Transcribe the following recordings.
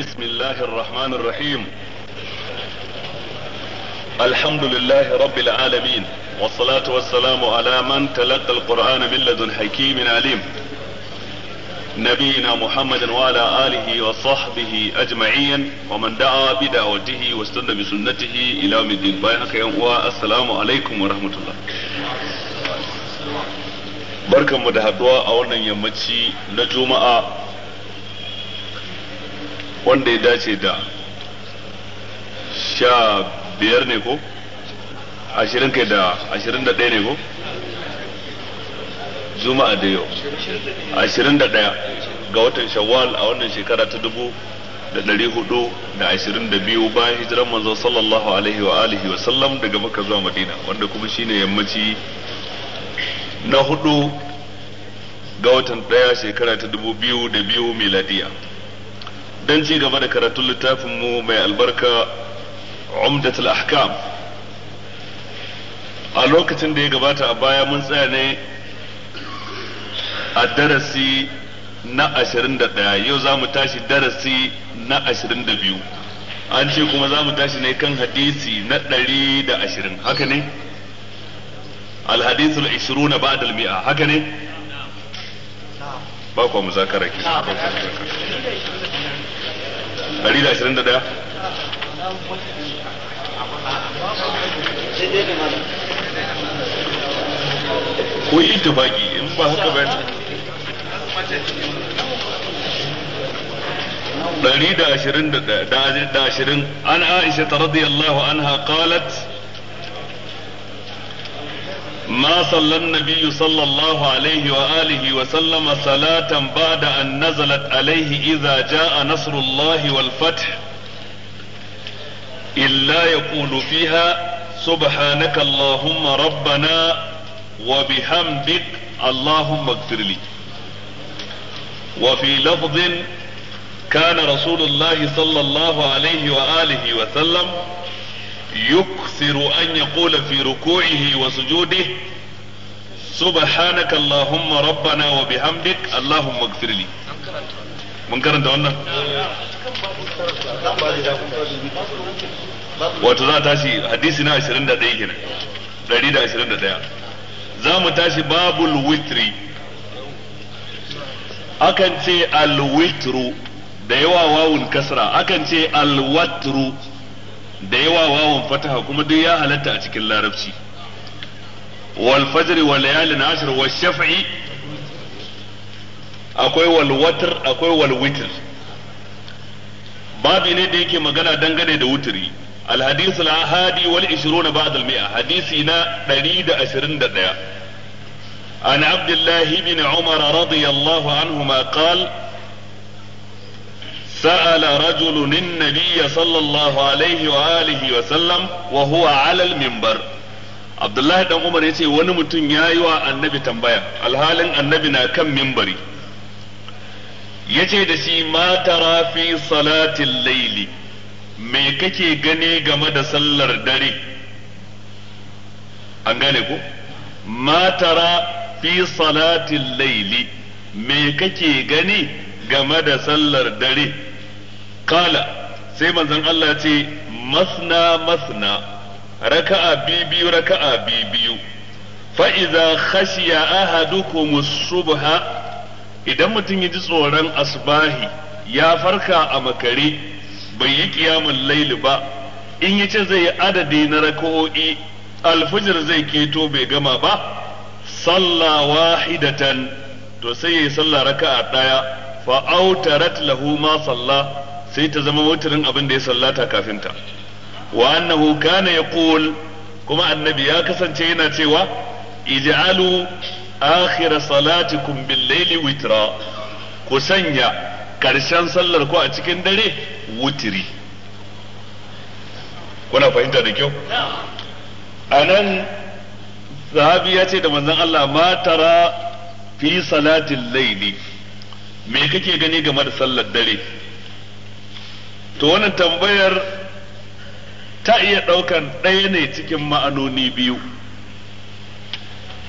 بسم الله الرحمن الرحيم الحمد لله رب العالمين والصلاة والسلام على من تلقى القرآن من لدن حكيم عليم نبينا محمد وعلى آله وصحبه أجمعين ومن دعا بدعوته واستنى بسنته إلى يوم الدين بايحك السلام عليكم ورحمة الله barkanmu da haduwa a wannan yammaci na juma'a wanda ya dace da sha biyar ne ko ashirin kai da ashirin da ɗaya ne ko juma'a da yau ashirin da ɗaya ga watan shawwal a wannan shekara ta dubu da ɗari hudu da ashirin da biyu bayan hijiran manzo sallallahu alaihi wa alihi wa sallam daga maka zuwa madina wanda kuma shine yammaci na hudu ga watan ɗaya shekara ta dubu biyu da biyu miladiya don ci gaba da karatun littafin mu mai albarka umdatul ahkam a lokacin da ya gabata a baya mun tsaya ne a darasi na ashirin da ɗaya yau za mu tashi darasi na ashirin da biyu an ce kuma za mu tashi ne kan hadisi na ɗari da ashirin haka ne alhadisul 20 na al mi'a haka ne ba kwa muzakara ke ɗari da ashirin da ɗaya ko yi tufaki in ba haka ba ɗari da ashirin da ɗaya da ashirin an aisha ta radiyallahu anha qalat ما صلى النبي صلى الله عليه وآله وسلم صلاة بعد أن نزلت عليه إذا جاء نصر الله والفتح إلا يقول فيها سبحانك اللهم ربنا وبحمدك اللهم اغفر لي وفي لفظ كان رسول الله صلى الله عليه وآله وسلم يكثر أن يقول في ركوعه وسجوده سبحانك اللهم ربنا وبحمدك اللهم اغفر لي mun karanta wannan wato za tashi hadisi na 21 kenan 121 za mu tashi babul witri akan ce alwitru da yawa wawun kasra akan ce alwatru da yawa wawan fataha kuma duk ya halatta a cikin larabci wal fajr wal layalin ashr wal shaf'i akwai wal watr akwai wal witr babu ne da yake magana dangane da wuturi al hadith al ahadi wal 20 ba'd al mi'a hadisi na 121 an abdullah ibn umar radiyallahu anhuma qala سأل رجل النبي صلى الله عليه وآله وسلم وهو على المنبر عبد الله بن عمر يتي وني متون ياي وا النبي تنبيه الحالن النبي نا كان منبري yace da shi ma fi salatin laili me kake gane game da sallar dare an gane ku? Matara fi salatin laili me kake gani game da sallar dare kala sai manzon Allah ya ce masna masna raka'a biyu raka'a biyu fa idza khashiya ahadukum as-subha idan mutum ya ji tsoron asbahi ya farka a makare bai yi kiyamun laili ba in yace zai yi adadi na raka'o'i alfijir zai keto bai gama ba salla wahidatan to sai yayi sallah raka'a daya fa autarat lahu ma sallah. sai ta zama wutirin abin da ya sallata kafin ta wa annahu kana yaqul kuma annabi ya kasance yana cewa ij'alu akhir salatikum bil layli witra ku sanya karshen sallar ku a cikin dare wutiri kuna fahimta da kyau anan sahabi ya ce da manzon Allah ma tara fi salatil laili me kake gani game da sallar dare to wannan tambayar ta iya ɗaukan ɗaya ne cikin ma'anoni biyu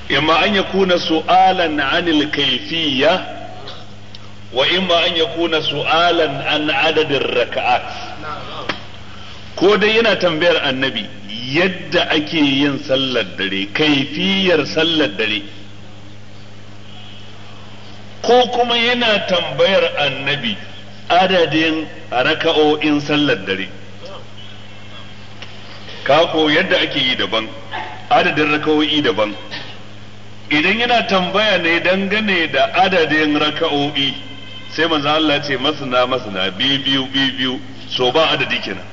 imma an yakuna su'alan anil kaifiyya wa imma an yakuna su'alan an adadin raka'at ko dai yana tambayar annabi yadda ake yin sallar dare kaifiyar sallar dare ko kuma yana tambayar annabi adadin raka'o'in sallar dare ka ko yadda ake yi daban adadin raka'o'i daban idan yana tambaya ne dangane da adadin raka'o'i sai manzo Allah ce masana masana biyu biyu biyu so ba adadi kenan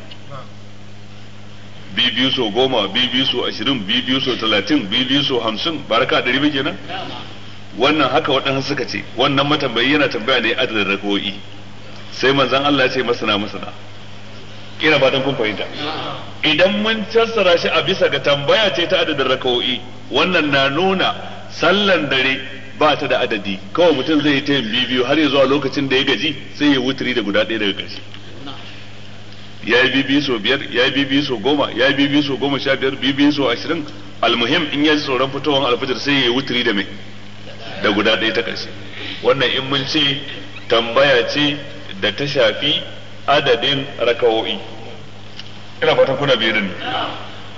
biyu so goma biyu so ashirin biyu so talatin biyu so hamsin ba raka ɗari kenan wannan haka waɗansu suka ce wannan matambayi yana tambaya ne adadin raka'o'i sai manzan Allah ya ce masana masana ina fatan kun fahimta idan mun fassara shi a bisa ga tambaya ce ta adadin raka'o'i wannan na nuna sallan dare ba ta da adadi kawai mutum zai yi ta yin har ya zuwa lokacin da ya gaji sai ya wuturi da guda ɗaya daga ƙarshe ya yi bibi so biyar ya yi bibi so goma ya yi bibi so goma sha biyar bibi so ashirin almuhim in ya ji tsoron fitowar alfajir sai ya yi wuturi da mai da guda ɗaya ta ƙarshe wannan in mun ce tambaya ce da ta shafi adadin raka'o'i ina fata kuna biyarin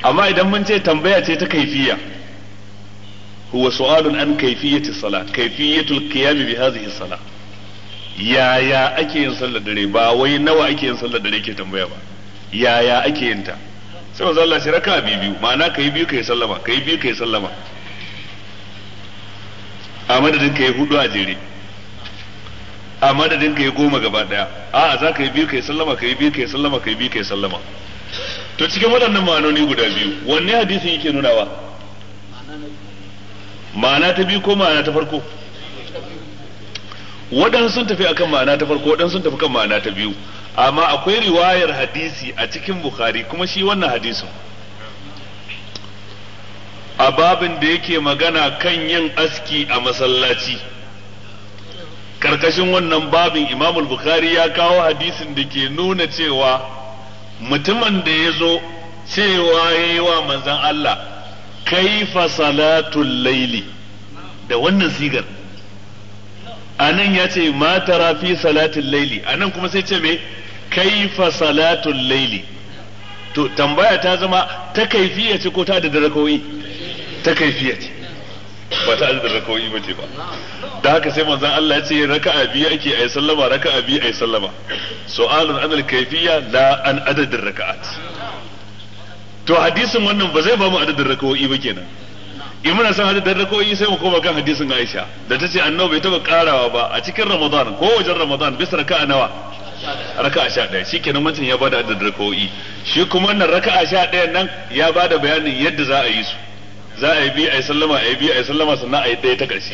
amma idan mun ce tambaya ce ta kaifiya huwa su'alun an kaifiyati sala kaifiyatul qiyam bi hadhihi sala yaya ake yin sallar dare ba wai nawa ake yin sallar dare ke tambaya ba yaya ake yin ta sai manzo Allah shi raka biyu biyu ma'ana kai biyu kai sallama kai biyu kai sallama a madadin kai hudu a jere a madadin ka yi goma gaba daya a za ka yi biyu ka yi sallama ka yi biyu ka yi sallama ka yi biyu ka yi sallama to cikin waɗannan ma'anoni guda biyu wanne hadisin yake nunawa ma'ana ta biyu ko ma'ana ta farko waɗansu sun tafi akan ma'ana ta farko waɗansu sun tafi kan ma'ana ta biyu amma akwai riwayar hadisi a cikin bukhari kuma shi wannan hadisin a babin da yake magana kan yin aski a masallaci karkashin wannan babin imam bukhari ya kawo hadisin da ke nuna cewa mutumin da ya zo cewa ya yi wa manzan Allah kaifa salatul laili da wannan sigar a nan ya ce ma tara fi salatul laili a nan kuma sai ce me kaifa salatul laili to tambaya ta zama ta kaifiya ce ko ta da darakoi ta kaifiya ce ba ta adadin raka'o'i ba ce ba da haka sai manzan Allah ya ce raka'a biyu ake a yi sallama raka'a biyu a yi sallama su'alun an alkaifiya la an adadin raka'at to hadisin wannan ba zai ba mu adadin raka'o'i ba kenan in muna son adadin raka'o'i sai mu koma kan hadisin Aisha da ta ce annabi bai taba karawa ba a cikin Ramadan ko wajen Ramadan bisa raka'a nawa raka'a sha ɗaya shi kenan mutum ya bada adadin raka'o'i shi kuma wannan raka'a sha ɗaya nan ya bada bayanin yadda za a yi su za a yi bi a yi sallama a yi bi a yi sallama sannan a yi ɗaya ta ƙarshe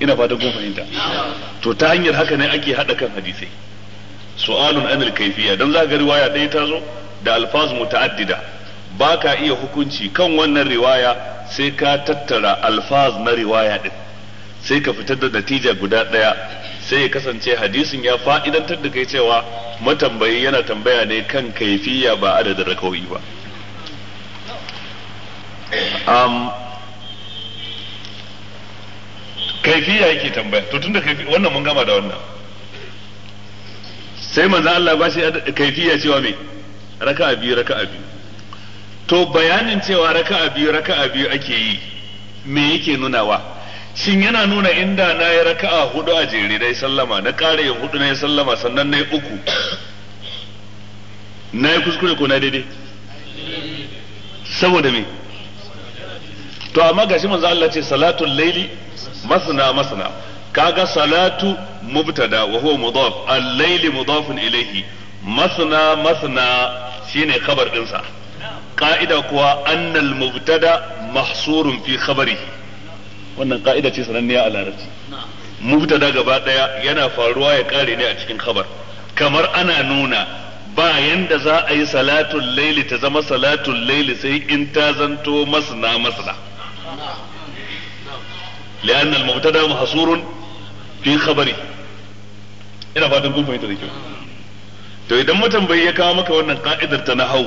ina fatan kun fahimta to ta hanyar haka ne ake haɗa kan hadisai su'alun anil kaifiya dan za ga riwaya ɗaya ta zo da alfaz muta'addida ba ka iya hukunci kan wannan riwaya sai ka tattara alfaz na riwaya din sai ka fitar da natija guda ɗaya sai ya kasance hadisin ya fa'idantar da kai cewa matambayi yana tambaya ne kan kaifiya ba adadin rakawi ba Um, kaifiya yake tambaya to tunda kaifi wannan mun gama da wannan sai manzo Allah ba shi kaifiya cewa me raka'a biyu raka'a biyu to bayanin cewa raka'a biyu raka'a biyu ake yi me yake nunawa shin yana nuna inda na yi raka'a hudu a jere dai sallama na kare yin hudu na yi sallama sannan na yi uku na yi kuskure ko na daidai saboda me to amma gashi manzo Allah ce salatul layli masna masna kaga salatu mubtada wa huwa mudaf al-layli mudafun ilayhi masna masna shine khabar dinsa ka'ida kuwa annal mubtada mahsurun fi khabarihi wannan ka'ida ce sananniya a larabci mubtada gaba daya yana faruwa ya kare ne a cikin khabar kamar ana nuna ba yanda za a yi salatul laili ta zama salatul laili sai in ta zanto masna masna لأن المبتدا محصور في خبره ina fatan kun fahimta da kyau to idan matambayi ya kawo maka wannan ka'idar ta na hau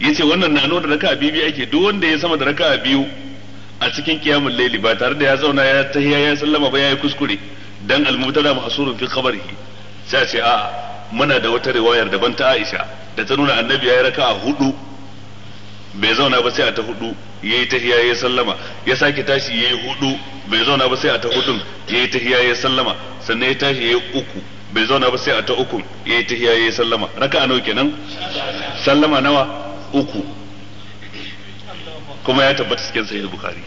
yace wannan na nuna raka'a biyu ake duk wanda ya sama da raka biyu a cikin kiyamin laili ba tare da ya zauna ya tahiya ya sallama ba yi kuskure dan al-mubtada mahsurun fi khabarihi sai ce a muna da wata riwayar daban ta Aisha da ta nuna annabi ya yi raka'a hudu bai zauna ba sai a ta hudu yayi tahiya yayi sallama ya sake tashi yayi hudu bai zauna ba sai a ta hudun yayi tahiya yayi sallama sannan ya tashi yayi uku bai zauna ba sai a ta uku yayi tahiya yayi sallama raka'a nawa kenan sallama nawa uku kuma ya tabbata cikin sahih bukhari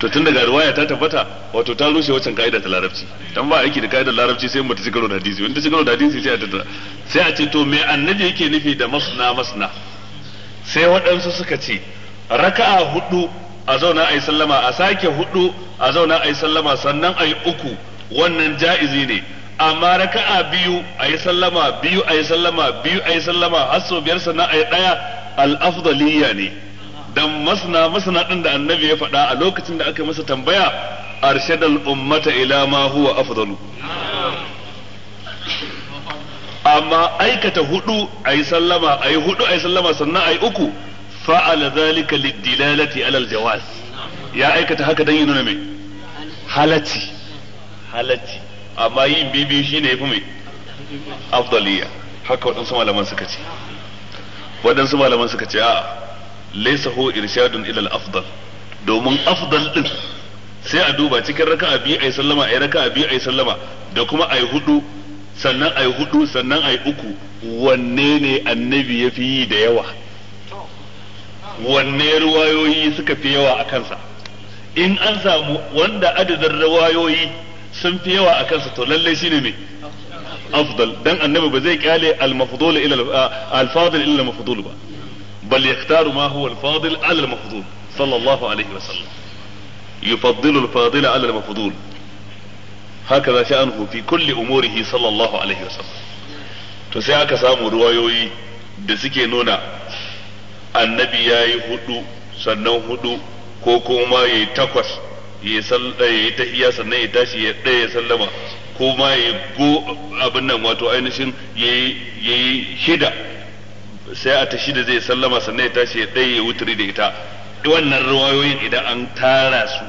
to tun daga riwaya ta tabbata wato ta rushe wancan ka'ida ta larabci dan ba aiki da ka'idar larabci sai mu ta cigaro da hadisi wanda cigaro da hadisi sai a tattara sai a ce to me annabi yake nufi da masna masna sai waɗansu suka ce raka'a hudu a zauna ayi sallama a sake hudu a zauna ayi sallama sannan ayi uku wannan ja'izi ne amma raka'a biyu ayi sallama biyu ayi sallama biyu ayi sallama har sau biyar sannan ayi daya al-afdaliyya ne dan masna masna din da annabi ya faɗa a lokacin da aka masa tambaya arshadal ummata ila ma huwa afdalu amma aikata hudu ayi sallama ayi hudu ayi sallama sannan ayi uku fa'ala zalika lidilalati alal jawaz ya aikata haka dan yana mai halacci halacci amma yin bibi shine yafi mai afdaliya haka waɗansu malaman suka ce waɗansu malaman suka ce a laysa hu irshadun ila afdal domin afdal din sai a duba cikin raka'a biyu yi sallama raka raka'a biyu yi sallama da kuma yi hudu sannan yi hudu sannan yi uku wanne ne annabi yafi yi da yawa wanne ruwayoyi suka fi yawa a kansa in an samu wanda adadin ruwayoyi sun fi yawa a kansa to lallai shine mai afdal dan annabi ba zai kyale al-mafdul ila al-fadil ila al-mafdul ba bal yaktaru ma huwa al-fadil ala al-mafdul sallallahu alaihi wa sallam yufaddilu al-fadil ala al-mafdul hakaza sha'anhu fi kulli umurihi sallallahu alaihi wa sallam to sai aka samu ruwayoyi da suke nuna annabi ya yi hudu sannan hudu ko kuma ya yi takwas ya eh, yi tahiya sannan ya tashi ya ɗaya ya sallama ko ma ya go abin nan wato ainihin ya yi shida sai a ta shida zai sallama sannan ya tashi ya ɗaya ya wuturi da ita wannan ruwayoyin idan an tara su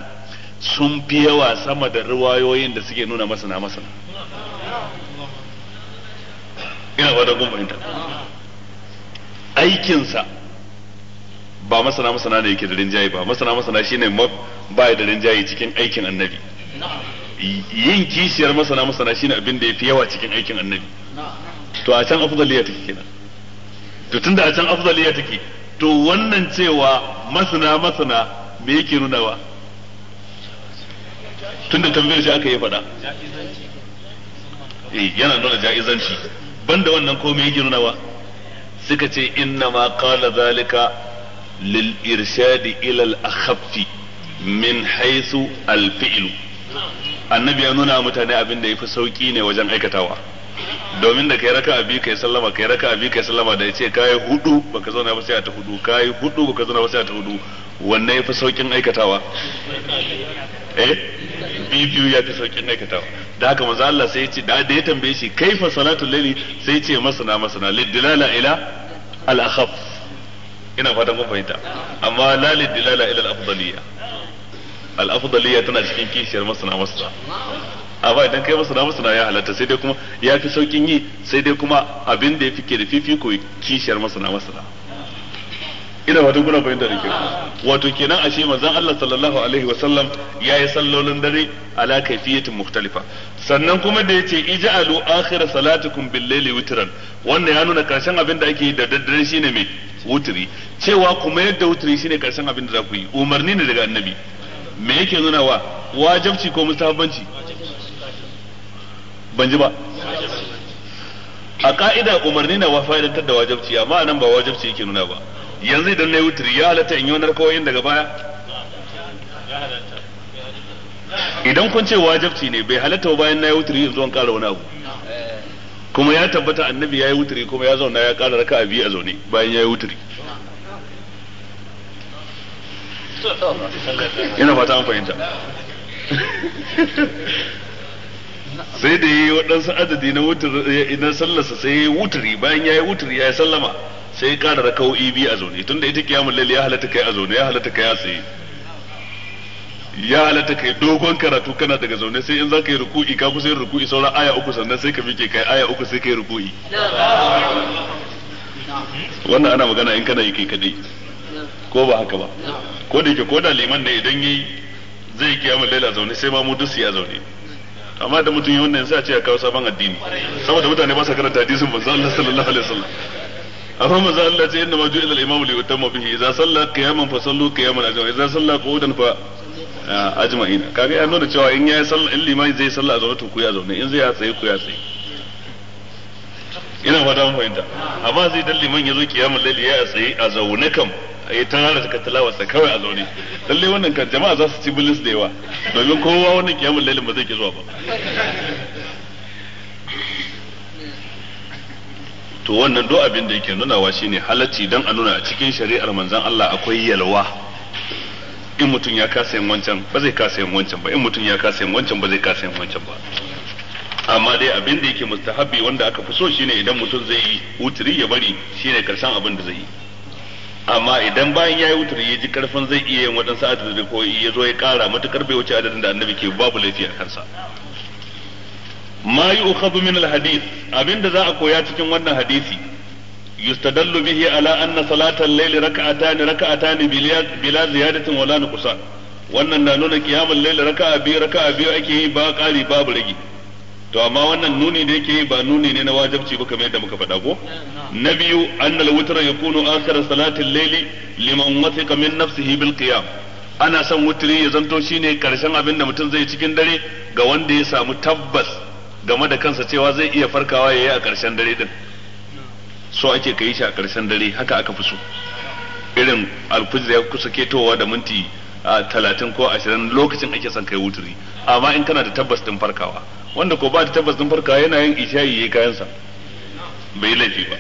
sun fi yawa sama da ruwayoyin da suke nuna masana masana ina ba da gumbayinta aikinsa ba masana masana da yake da rinjaye ba masana masana shine ba da rinjaye cikin aikin annabi yin kishiyar masana masana shine abin da yafi yawa cikin aikin annabi to a can afdaliya take kenan to tunda a can afdaliya take to wannan cewa masana masana me yake nunawa tunda tambayar shi aka yi faɗa eh yana nuna ja'izanci banda wannan komai yake nunawa suka ce inna ma qala zalika lil irshadi ila al akhaffi min haythu al annabi ya nuna mutane abin da ya fi sauki ne wajen aikatawa domin da kai raka abi kai sallama kai raka abi kai sallama da yace kai hudu baka zauna ba sai ta hudu kai hudu baka zauna ba sai ta hudu wanne fi saukin aikatawa eh biyu ya fi saukin aikatawa da haka manzo Allah sai yace da da ya tambaye shi kaifa salatul layli sai yace masana masana lidilala ila al akhaf ina fatan kun fahimta amma lalil dilala ila al-afdaliyya al-afdaliyya tana cikin kishiyar masana masana amma idan kai masana masana ya halatta sai dai kuma ya fi saukin yi sai dai kuma abin da ya fike da fifiko kishiyar masana masana ina fatan kuna fahimta da kyau wato kenan shi manzon Allah sallallahu alaihi wa sallam yayi sallolin dare ala kayfiyatin mukhtalifa sannan kuma da yace ij'alu akhir salatikum bil layli witran wannan ya nuna karshen abin da ake yi da daddare shine mai wutri cewa kuma yadda wutri shine karshen abin da za ku yi umarni ne daga annabi me yake nuna wa wajibci ko mustahabbanci ban ji ba a ka'ida umarni na wa fa'idantar da wajibci amma nan ba wajibci yake nuna ba yanzu idan na yi wutar ya halatta in yi wani rakawoyin daga baya idan kun ce wajabci ne bai halatta bayan na yi wutar in zuwan kara wani abu kuma ya tabbata annabi ya yi wutar kuma ya zauna ya kara raka a biyu a zaune bayan ya yi wutar ina fata an fahimta sai da yi waɗansu adadi na sallarsa sai ya yi wuturi bayan ya yi wuturi ya yi sallama sai kara raka'o'i ibi a zaune tunda ita kiyamul layl ya halatta kai a zaune ya halatta kai a tsaye ya halatta kai dogon karatu kana daga zaune sai in za ka yi ruku'i ka kusa yin ruku'i sauran aya uku sannan sai ka miƙe kai aya uku sai ka yi ruku'i wannan ana magana in kana yi kai kadai ko ba haka ba ko da yake ko da liman ne idan yayi zai kiyama a zaune sai ma mu duk a zaune amma da mutum yi wannan sai a ce a kawo sabon addini saboda mutane ba sa karanta hadisin manzo Allah sallallahu alaihi wasallam amma manzo Allah ce inna ma ju'ila al-imamu li yutamma bihi idza salla qiyaman fa sallu qiyaman ajma idza salla qu'udan fa ah, ajma'ina kaga ya nuna cewa in yayi sallah in limami zai sallah a zaune to ku ya zaune in zai ya tsaye ku ya tsaye ina fata mun fahimta amma zai dan liman yazo qiyamul layli ya tsaye a zaune kam ai ta rana suka tilawa sa kawai a zaune lalle wannan kan jama'a za su ci bilis da yawa domin kowa wannan qiyamul laylin ba zai ki zuwa ba to wannan duk abin da yake nunawa shine halacci dan a nuna a cikin shari'ar manzon Allah akwai yalwa in mutum ya kasa yin wancan ba zai kasa yin wancan ba in mutum ya kasa yin wancan ba zai kasa yin wancan ba amma dai abin da yake mustahabi wanda aka fi so shine idan mutum zai yi wuturi ya bari shine karshen abin da zai yi amma idan bayan ya yi wuturi ya ji karfin zai iya yin waɗansu adadin ko ya zo ya ƙara matukar bai wuce adadin da annabi ke babu laifi a kansa ma uka min al-hadith abinda za a koya cikin wannan hadisi yustadallu bihi ala anna salatal layli rak'atan rak'atan bila ziyadatin wala nuqsan wannan na nuna qiyamul layli raka'a biyu raka'a biyu ake yi ba ƙari babu rage to amma wannan nuni da yake yi ba nuni ne na wajibci ba kamar yadda muka faɗa ko na biyu annal witr yakunu akhir salatin layli liman wasu min nafsihi bil qiyam ana son wutri ya zanto shine karshen abin da mutum zai cikin dare ga wanda ya samu tabbas game da kansa cewa zai iya farkawa ya yi a ƙarshen dare din so ake ka yi shi a ƙarshen dare haka aka fi so irin alfijir ya kusa ketowa da minti ah, talatin ko ashirin lokacin ake son kai wuturi amma in kana da tabbas din farkawa wanda ko ba da tabbas din farkawa yana yin ya yi kayansa bai laifi ba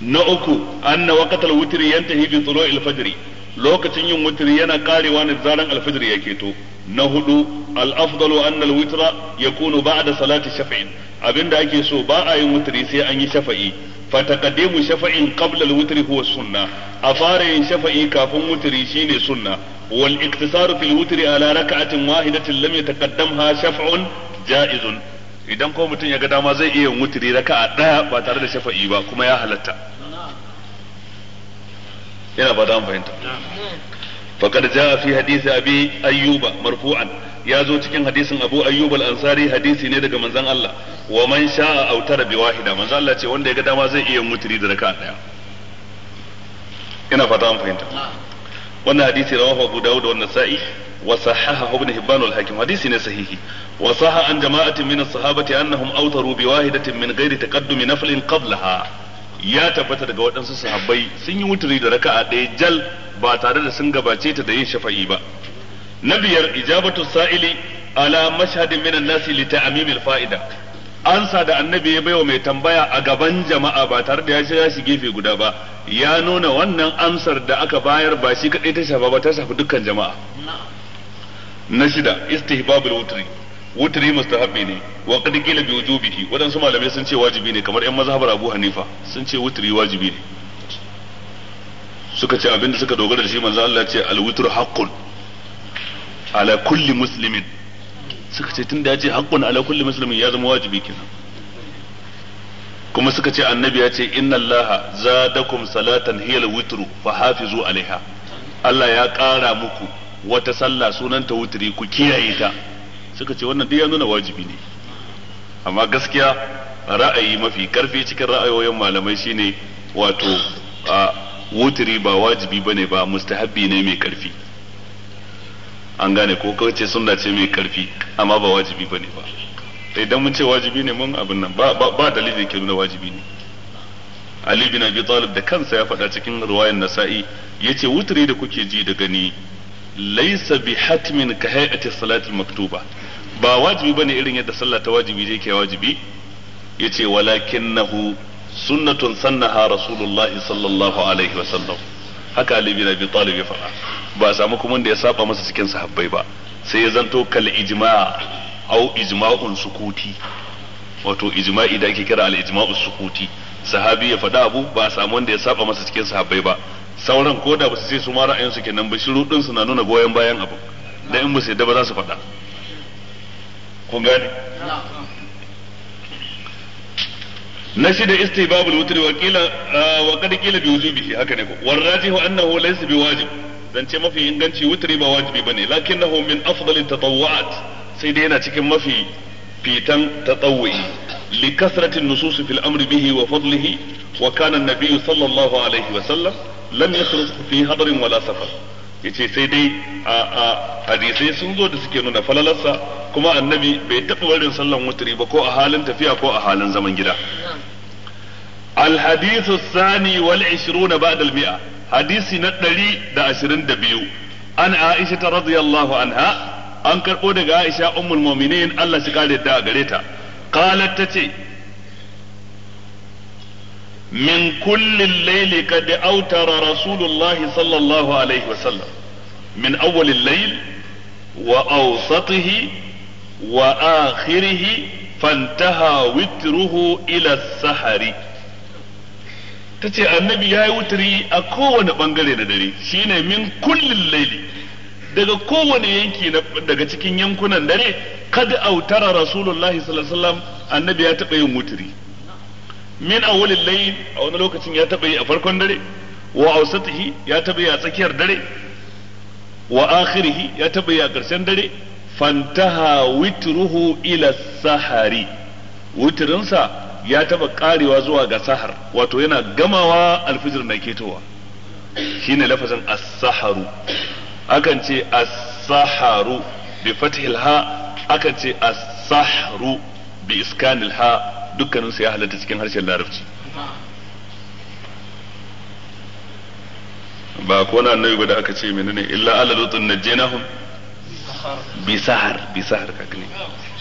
na uku anna waqtal wutri yantahi bi tulu'il fajr lokacin yin wutri yana karewa ne zaran alfajr ya keto na hudu al-afdalu witra ya kunu yakunu da salati shaf'in abinda ake so ba a yin wutri sai an yi shafa'i fa shafa'in qabla al-wutri huwa sunna a fara yin shafa'i kafin wutri shine sunna wal iktisaru fil wutri ala rak'atin wahidatin lam yataqaddamha shaf'un ja'izun idan ko mutum ya ga dama zai iya yin wutri raka'a daya ba tare da shafa'i ba kuma ya halatta yana ba da fahimta faqad jaa fi hadisi abi ayyuba marfu'an ya zo cikin hadisin abu ayyub al-ansari hadisi ne daga manzon Allah wa man sha'a autara bi wahida manzon Allah ce wanda ya ga dama zai iya mutiri da raka daya ina fata an fahimta wannan hadisi rawahu abu dawud wa nasa'i wa sahahahu ibn hibban wal hakim hadisi ne sahihi wa saha an jama'atin min as-sahabati annahum awtaru bi wahidatin min ghairi taqaddumi naflin qablaha ya tabbata daga waɗansu sahabbai sun yi wuturi da raka'a ɗaya jal ba tare da sun gabace ta da yin shafa'i ba na biyar ijabatu sa'ili ala mashhadin minan nasi li ta'mimil fa'ida ansa da annabi ya baiwa mai tambaya a gaban jama'a ba tare da ya shiga shi gefe guda ba ya nuna wannan amsar da aka bayar ba shi kadai ta shafa ba ta shafi dukkan jama'a na shida istihbabul wutri wutri mustahabbi ne wa qad qila bi wujubihi wadansu malamai sun ce wajibi ne kamar yan mazhabar Abu Hanifa sun ce wutri wajibi ne suka ce abinda suka dogara da shi manzo Allah ce al wutru haqqun ala kulli muslimin suka ce tunda ya ce haqqun ala kulli muslimin ya zama wajibi kenan kuma suka ce annabi ya ce inna Allah zadakum salatan hiya al wutru fa hafizu alaiha Allah ya ƙara muku wata sallah sunanta wutri ku kiyaye ta suka ce wannan duk ya nuna wajibi ne amma gaskiya ra'ayi mafi karfi cikin ra'ayoyin malamai shine wato a wuturi ba wajibi bane ba mustahabbi ne mai karfi an gane ko ce sunna ce mai karfi amma ba wajibi bane ba idan mun ce wajibi ne mun abin nan ba ba dalilin ke nuna wajibi ne Ali bin Abi Talib da kansa ya faɗa cikin riwayar Nasa'i yace wuturi da kuke ji da gani laysa bi hatmin ka hay'ati salati maktuba ba wajibi ba ne irin yadda sallah ta wajibi zai ke wajibi Ya ce na hu sunnatun sannaha rasulullah sallallahu alaihi wa sallam haka ali na bi talibi ya faɗa ba samu kuma da ya saba masa cikin sahabbai ba sai ya zanto kal ijma'a au ijma'un sukuti wato ijma'i da ake kira al ijma'u sukuti sahabi ya faɗa abu ba a samu wanda ya saba masa cikin sahabbai ba sauran ko da ba su ce su ma ra'ayinsu kenan ba shiru din su na nuna goyon bayan abu da in ba su yadda ba za su faɗa kun gane na shida istihbabul wutri wa qila wa qad qila bi wujubihi haka ne ko warrajihu annahu laysa bi wajib zance mafi inganci wutri ba wajibi bane lakinnahu min afdal tatawwu'at sai dai yana cikin mafi fitan tatawwi li kasrati nusus fil amri bihi wa fadlihi wa kana an-nabiy sallallahu alaihi wa sallam lam yasrif fi hadarin wala safar yace sai dai a hadisai sun zo da suke nuna falalarsa kuma annabi bai taɓa warin sallan wuturi ba ko a halin tafiya ko a halin zaman gida alhadisu sani wal ishirun ba da mi'a hadisi na ɗari da ashirin da biyu an aisha ta radiyallahu anha an karɓo daga aisha ummul mominin allah shi kare da gare ta kalat ta ce min kullin layli qad autara rasulullah sallallahu alaihi wasallam min awwalil layl wa awsatihi wa akhirihi fantaha witruhu ila sahari tace annabi yayi wutri a kowane bangare na dare shine min kullin layli daga kowane yanki daga cikin yankunan dare kad autara rasulullahi sallallahu alaihi wasallam annabi ya taɓa yin wuturi min awwalil layl a wani lokacin ya taba yi a farkon dare wa awsatihi ya taba yi a tsakiyar dare wa akhirihi ya taba yi a ƙarshen dare fantaha witruhu ila sahari witrinsa ya taba karewa zuwa ga sahar wato yana gamawa alfijir na ketowa shine lafazin as-saharu akan ce as-saharu bi fathil ha akan ce as-sahru bi iskanil ha dukkanin su ya halatta cikin harshen larabci ba ko na annabi ba da aka ce menene illa ala lutun najjaynahum bi sahar bi sahar kaga ne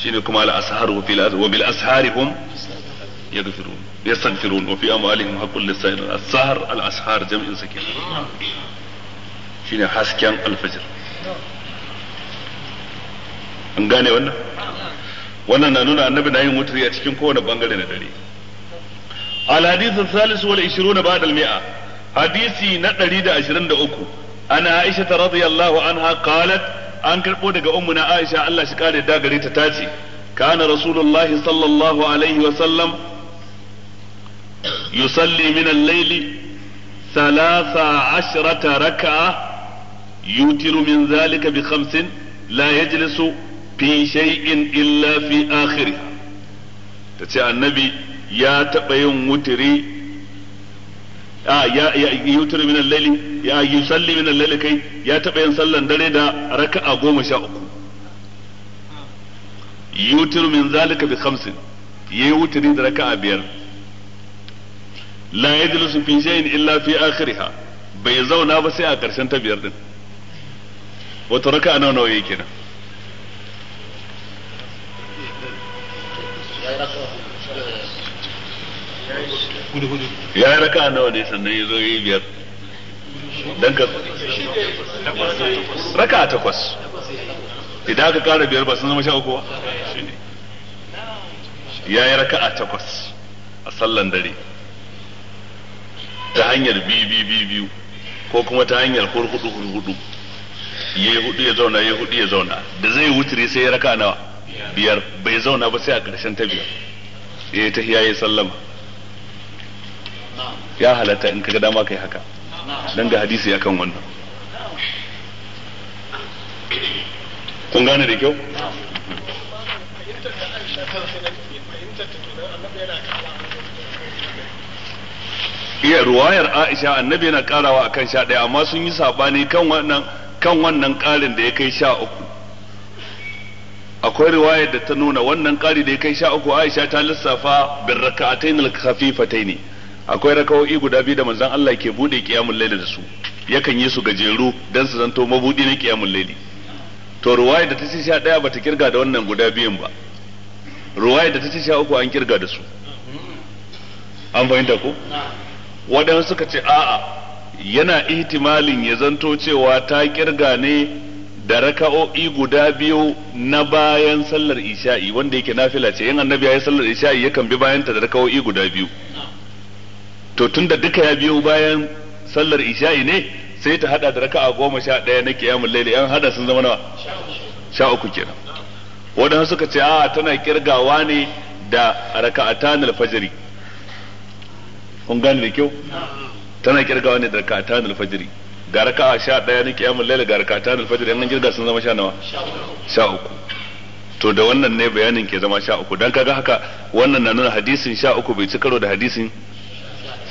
shine kuma al asharu fil wa bil asharihum yaghfirun yastaghfirun wa fi amwalihim haqqul lisail al sahar al ashar jam'in sakin shine hasken al fajr an gane wannan wannan na nuna annabi na yin wuturi a cikin kowane bangare na dare al hadith al-thalith wal 20 ba'da al-mi'a hadisi na 123 ana aisha ta radhiyallahu anha qalat an karbo daga ummuna aisha Allah shi kare da gare ta tace kana rasulullah sallallahu alaihi wa sallam yusalli min al-layl thalatha ashrata rak'a yutiru min zalika bi khamsin la yajlisu fi shay'in illa fi akhiri tace annabi ya taɓa yin wutiri a ya yi min al-layli ya yusalli min al-layli kai ya taɓa yin sallan dare da raka'a goma sha uku yutiru min zalika bi khamsin yi wutiri da raka'a biyar la yajlisu fi shay'in illa fi akhiriha bai zauna ba sai a karshen ta biyar din wato raka'a nawa nawa yake nan? ya yi raka nawa ne sannan ya zo ya yi biyar don ka raka takwas idan aka kara biyar ba sun zama sha uku ba ya yi raka a takwas a sallan dare ta hanyar biyu biyu biyu ko kuma ta hanyar hudu hudu ya yi hudu ya zauna ya yi hudu ya zauna da zai wuturi sai ya raka nawa biyar bai zauna ba sai a ƙarshen ta biyar ya ta hiyaye sallama ya halatta in kaga dama kai haka don ga hadisi kan wannan kun gane da kyau iya ruwayar Aisha annabi yana karawa akan sha ɗaya amma sun yi sabani kan wannan kan wannan ƙarin da ya kai sha uku akwai riwayar da ta nuna wannan ƙari da ya kai sha uku Aisha ta lissafa bin raka'atayn al ne akwai raka'o'i guda biyu da manzon Allah ke bude qiyamul layl da su yakan yi su gajeru dan su zanto mabudi na qiyamul layl to riwayar da ta ce sha ɗaya bata kirga da wannan guda biyun ba riwayar da ta ce sha uku an kirga da su an fahimta ko waɗansu suka ce a'a yana ihtimalin ya zanto cewa ta kirga ne da raka'o'i guda biyu na bayan sallar isha'i wanda yake nafila ce in annabi ya sallar isha'i yakan bi bayanta da raka'o'i guda biyu to tun da duka ya biyo bayan sallar isha'i ne sai ta hada da raka'a goma sha ɗaya na kiyamun laili an hada sun zama nawa sha uku kenan waɗansu suka ce a tana kirgawa ne da raka'atan alfajiri kun gane da kyau tana kirgawa ne da raka'atan alfajiri ga a sha ɗaya na ƙiyamun laila ga ta tanil fajr yan jirga sun zama sha nawa sha uku to da wannan ne bayanin ke zama sha uku ka kaga haka wannan na nuna hadisin sha uku bai ci karo da hadisin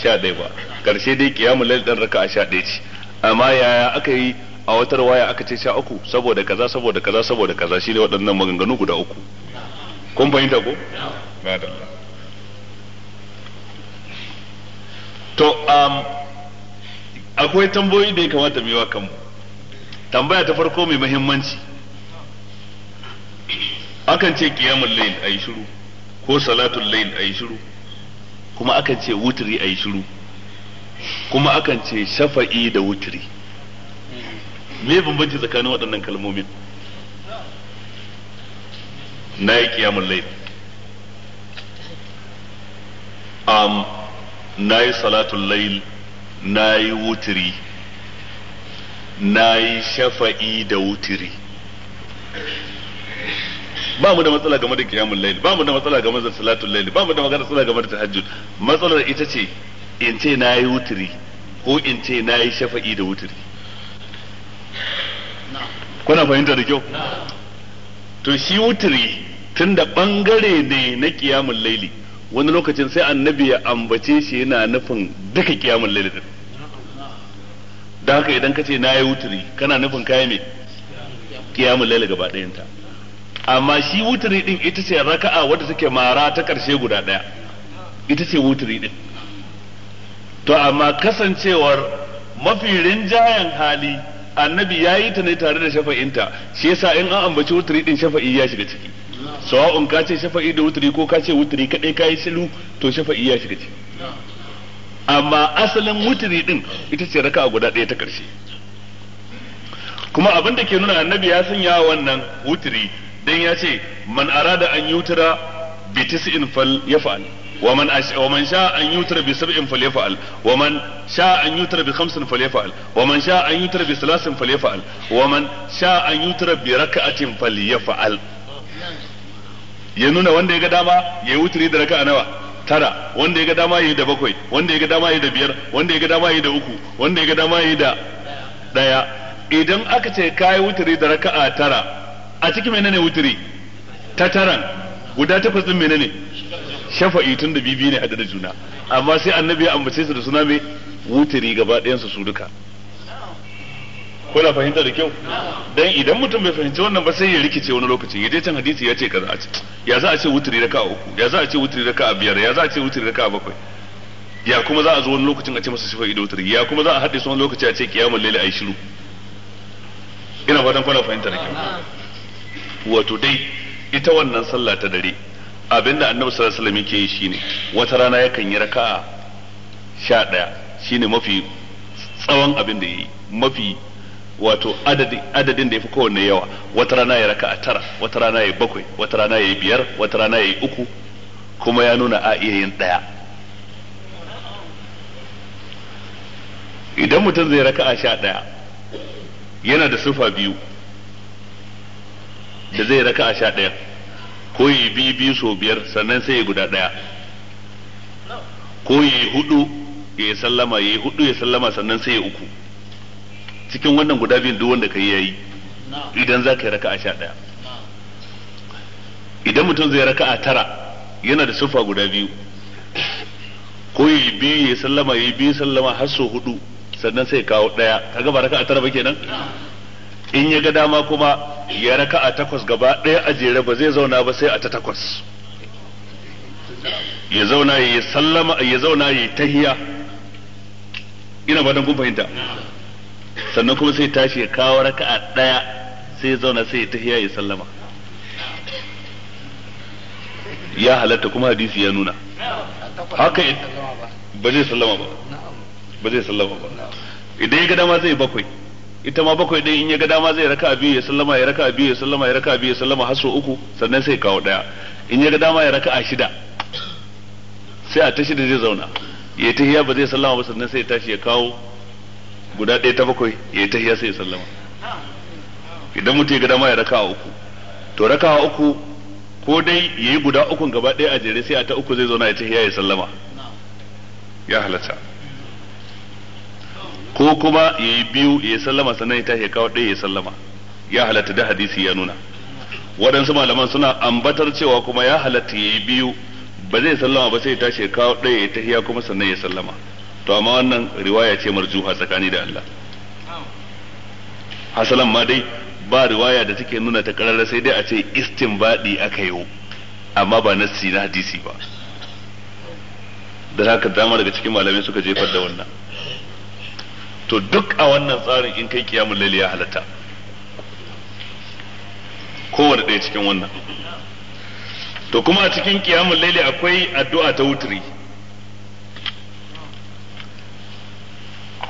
sha ɗaya ba ƙarshe dai ƙiyamun laila ɗan raka a sha ɗaya ce amma yaya aka yi a wata waya aka ce sha uku saboda kaza saboda kaza saboda kaza shine waɗannan maganganu guda uku kun fahimta ko to um akwai tambayoyi da ya kamata mu yi wa kanmu tambaya ta farko mai muhimmanci akan ce qiyamul layl ayi shiru ko salatul layl ayi shiru kuma akan ce wutri ayi shiru kuma akan ce shafa'i da wutri me bambanci tsakanin waɗannan kalmomin na yi qiyamul layl na yi salatul layl na yi wutiri na yi shafa'i da wutiri ba mu da matsala game da kiyamun laili ba mu da matsala game da salatun laili ba mu da matsala game da tahajjud matsalar ita ce in ce na yi wutiri ko in ce na yi shafa'i da wutiri kuna fahimta da kyau to shi wutiri tun da bangare ne na kiyamun laili wani lokacin sai annabi ya ambace shi yana nufin duka kiyamun layl da haka idan kace na yi wuturi kana nufin kayan mai kiyamun layl gaba ɗayanta amma shi wuturi din ita ce raka'a wadda take mara ta ƙarshe guda ɗaya ita ce wuturi din to amma kasancewar mafi rinjayen hali annabi ya yi ta ne tare da shafa'inta shi yasa in an ambaci wuturi din shafa'i ya shiga ciki sawa'un ka ce shafa'i da wuturi ko ka ce wuturi ka yi silu to shafa'i ya shiga ce amma asalin wuturi din ita ce raka'a guda ɗaya ta ƙarshe. kuma abin da ke nuna annabi ya sanya wannan wuturi dan ya ce man arada an yutura bi tis'in fal yaf'al ومن أش... ومن شاء ان يوتر بسبع فليفعل ومن شاء ان يوتر بخمس فليفعل ومن شاء ان يوتر بثلاث فليفعل ومن شاء ان يوتر بركعه فليفعل ya nuna wanda ya ga dama ya yi wuturi da raka'a nawa tara wanda ya ga dama ya yi da bakwai wanda ya ga dama ya yi da biyar wanda ya ga dama ya yi da uku wanda ya ga dama ya yi da daya idan aka ce ka yi wuturi da raka'a tara a cikin menene wuturi ta taran guda takwas din menene shafa'i tun da bibi ne a da juna amma sai annabi ya ambace su da suna mai wuturi gaba ɗayan su su duka kuna fahimta da kyau dan idan mutum bai fahimci wannan ba sai ya rikice wani lokaci ya je can hadisi ya ce kaza a ce ya za a ce wutri raka uku ya za a ce wutri raka biyar ya za a ce wutri raka bakwai ya kuma za a zo wani lokacin a ce masa shifa ido wutri ya kuma za a haɗe su wani lokaci a ce lele a yi shiru ina fatan kuna fahimta da kyau wato dai ita wannan sallah ta dare abinda annabi sallallahu alaihi wasallam yake yi shine wata rana yakan yi raka'a sha ɗaya shine mafi tsawon abin da yayi mafi wato adadin da ya fi kowanne yawa wata rana ya raka a tara wata rana ya bakwai wata rana ya biyar wata rana ya uku kuma ya nuna a iya yin ɗaya idan mutum zai raka a sha ɗaya yana da sufa biyu da zai raka a sha ɗaya ko yi biyu biyu so biyar sannan sai ya guda ɗaya ko yi hudu ya sallama ya yi hudu ya sallama sannan sai ya uku cikin wannan guda biyun duk wanda kai yayi idan za ka yi raka'a sha ɗaya idan mutum zai raka'a tara yana da sufa guda biyu ko yi biyu ya sallama yi biyu sallama har so hudu sannan sai kawo ɗaya ka gaba raka'a tara ba kenan in ya ga dama kuma ya raka'a takwas gaba ɗaya a jere ba zai zauna ba sai a ta takwas ya zauna ya sallama ya zauna ya tahiya ina ba don kun fahimta sannan kuma sai tashi ya kawo raka'a daya sai zauna sai ya tahiya ya sallama ya halatta kuma hadisi ya nuna haka ba zai sallama ba ba zai sallama ba idan ya ga dama zai bakwai ita ma bakwai din in ya ga dama zai raka biyu ya sallama ya raka biyu ya sallama ya raka biyu ya sallama har uku sannan sai kawo daya in ya ga dama ya raka a shida sai a ta shida zai zauna ya ta hiya ba zai sallama ba sannan sai ya tashi ya kawo guda ɗaya ta bakwai ya yi tahiya sai ya sallama idan mutum ya ga dama ya a uku to a uku ko dai ya yi guda ukun gaba ɗaya a jere sai a ta uku zai zauna ya tahiya ya sallama ya halatta ko kuma ya yi biyu ya sallama sannan ya tashi ya kawo ɗaya ya sallama ya halatta da hadisi ya nuna waɗansu malaman suna ambatar cewa kuma ya halatta ya yi biyu ba zai sallama ba sai ya tashi ya kawo ɗaya ya tahiya kuma sannan ya sallama to amma wannan riwaya ce marjuha tsakani da Allah hasalan ma dai ba riwaya da take nuna ta karara sai dai a ce istinbadi aka yi amma ba nassi na hadisi ba da haka dama daga cikin malamai suka jefar da wannan to duk a wannan tsarin in kai kiyamul laili ya halatta kowane ɗaya cikin wannan to kuma a cikin kiyamul laili akwai addu'a ta wutri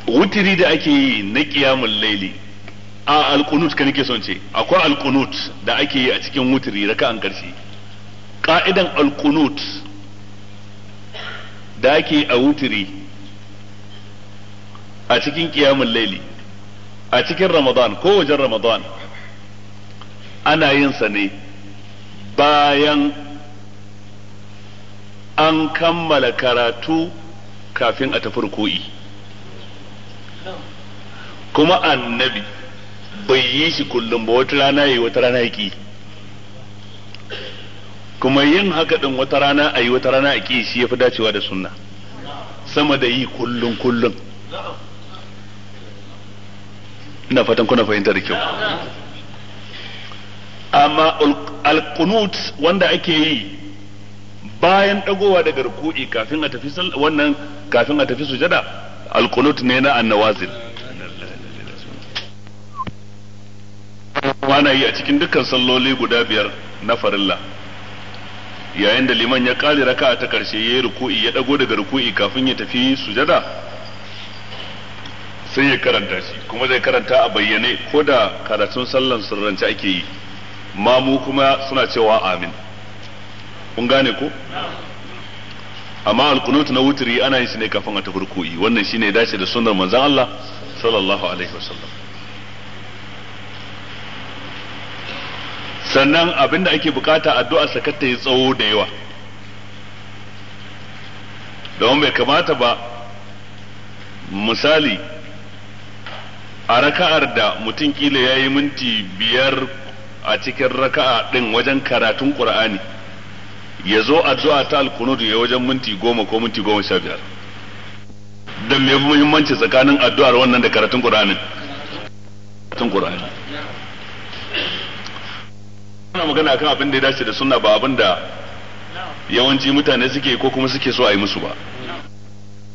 wutiri da ake yi na kiyamun laili a alkunut ka nake son ce akwai alkunut da ake yi a cikin wutiri an karshe ka'idan alkunut da ake a wutiri a cikin kiyamun laili a cikin ramadan ko wajen ramadan ana yin sa ne bayan an kammala karatu kafin a tafi ruku'i kuma annabi bai yi shi kullum ba wata rana yi wata rana ki kuma yin haka din wata rana ayi wata rana a ki shi yafi dacewa da sunna sama da yi kullum kullum ina fatan kuna fahimta da kyau amma alqunut wanda ake yi bayan dagowa daga ruku'i kafin a tafi wannan kafin a tafi sujada alqunut ne na annawazil wana yi a cikin dukkan salloli guda biyar na farilla yayin da liman ya kare raka ta karshe yayi ruku'i ya dago daga ruku'i kafin ya tafi sujada sai ya karanta shi kuma zai karanta a bayyane ko da karatun sallan sirrance ake yi mamu kuma suna cewa amin kun gane ko amma alqunut na wutri ana yin shi ne kafin a tafi ruku'i wannan shine ya dace da sunnar manzon Allah sallallahu alaihi wasallam sannan abinda ake bukata addu'a sakar ta yi tsawo da yawa don bai kamata ba misali a raka'ar da mutum kila ya yi minti biyar a cikin raka'a ɗin wajen karatun ƙur'ani ya zo addu'a ta alkunud ya wajen minti goma ko minti goma sha biyar don me muhimmanci tsakanin addu'ar wannan da karatun ƙur'anin ana magana akan abin da ya dace da sunna ba abin da yawanci mutane suke ko kuma suke so a yi musu ba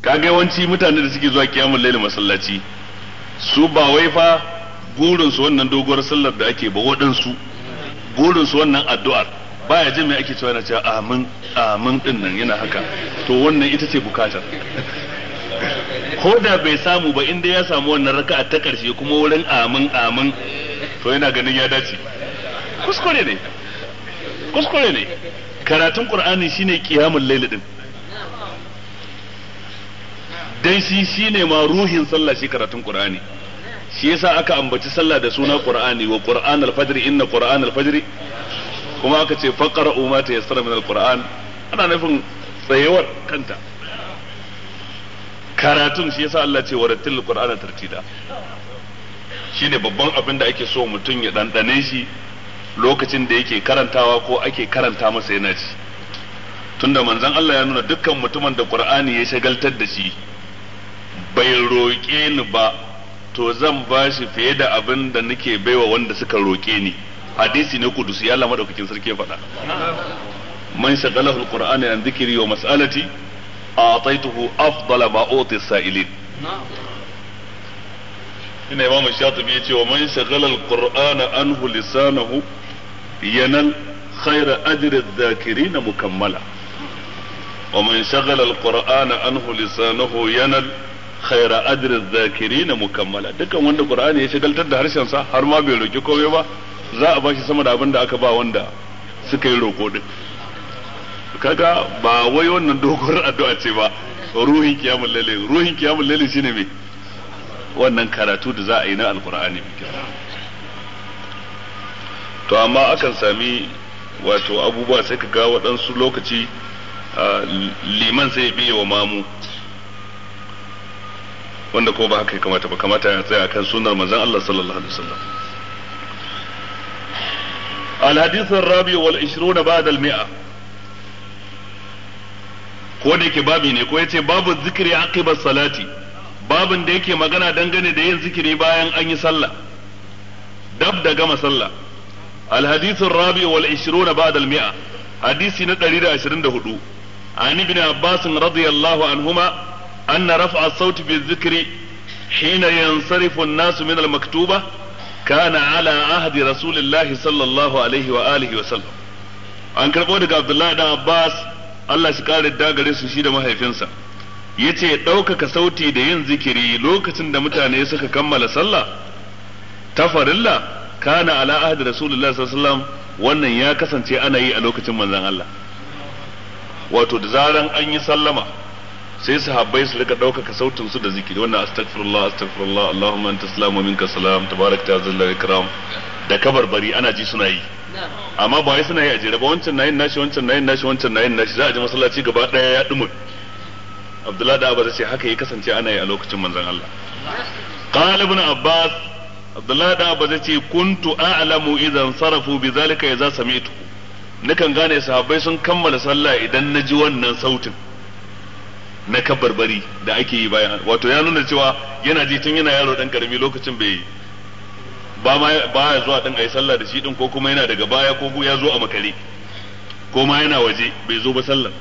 kaga yawanci mutane da suke zuwa kiyamul laili masallaci su ba wai fa burin su wannan doguwar sallar da ake ba waɗansu burin su wannan addu'ar baya jin me ake cewa na cewa amin amin din nan yana haka to wannan ita ce bukatar ko da bai samu ba inda ya samu wannan raka'a ta karshe kuma wurin amin amin to yana ganin ya dace kuskure ne kuskure ne karatun qur'ani shine qiyamul layl din dan shi shine ma ruhin sallah shi karatun qur'ani shi yasa aka ambaci sallah da suna qur'ani wa qur'an al-fajr inna qur'an al-fajr kuma aka ce umma ta yassara min al-qur'an ana nufin tsayewar kanta karatun shi yasa Allah ce warattil qur'ana tartila shine babban abin da ake so mutum ya dandane shi lokacin da yake karantawa ko ake karanta masa yana ci tunda manzon Allah ya nuna dukkan mutumin da Qur'ani ya shagaltar da shi bai roƙe ni ba to zan ba shi fiye da abin da nake baiwa wanda suka roƙe ni hadisi ne kudusi ya Allah madaukakin sarki faɗa man shagalahu alqur'ani an dhikri wa mas'alati a'taytuhu afdala ma uti sa'ilin ina imam shatibi yace wa man shagala alqur'ana anhu lisanahu ينل خير أجر الذاكرين مكملا ومن شغل القرآن عنه لسانه ينل خير أجر الذاكرين مكملا dukkan wanda Qur'ani ya shagaltar da harshen sa har ma bai roki komai ba za a bashi sama da abin da aka ba wanda suka yi roko din kaga ba wai wannan doguwar addu'a ce ba ruhin kiyamul laili ruhin kiyamul laili shine me wannan karatu da za a yi na alqur'ani to amma akan sami wato abubuwa sai ka ga waɗansu lokaci liman sai biya wa mamu wanda ko ba haka ya kamata ba kamata ya tsaya kan sunar manzon Allah sallallahu alaihi wasallam الحديث الرابع والعشرون بعد المئة ko da ke babi ne ko yace babu zikiri aqiba salati babin da yake magana dangane da yin zikiri bayan an yi sallah dab da gama sallah الحديث الرابع والعشرون بعد المئة حديث ندريد عشرين دهدو عن ابن عباس رضي الله عنهما أن رفع الصوت في الذكر حين ينصرف الناس من المكتوبة كان على عهد رسول الله صلى الله عليه وآله وسلم an karɓo daga Abdullahi da Abbas Allah shi kare da gare su shi da mahaifinsa yace ɗaukaka sauti da yin zikiri lokacin da mutane suka kammala sallah ta farilla kana ala ahdi rasulullahi sallallahu alaihi wasallam wannan ya kasance ana yi a lokacin manzon Allah wato da zaran an yi sallama sai sahabbai su rika ɗaukaka sautin su da zikiri wannan astaghfirullah astaghfirullah allahumma anta salam wa minka salam tabarakta ya zalla ikram da kabarbari ana ji suna yi amma ba wai suna yi a jere ba wancan nayin nashi wancan nayin nashi wancan nayin nashi za a ji masallaci gaba daya ya dumu abdullahi da abba ce haka ya kasance ana yi a lokacin manzon Allah qala ibn abbas Abdullahi dan zai ce kuntu a'lamu idan sarafu bi zalika idza sami'tu kan gane sahabbai sun kammala sallah idan naji wannan sautin na kabarbari da ake yi bayan wato ya nuna cewa yana ji tun yana yaro dan karami lokacin bai ba ma ba ya zuwa dan ayi sallah da shi din ko kuma yana daga baya ko ya zo a makare ko ma yana waje bai zo ba sallah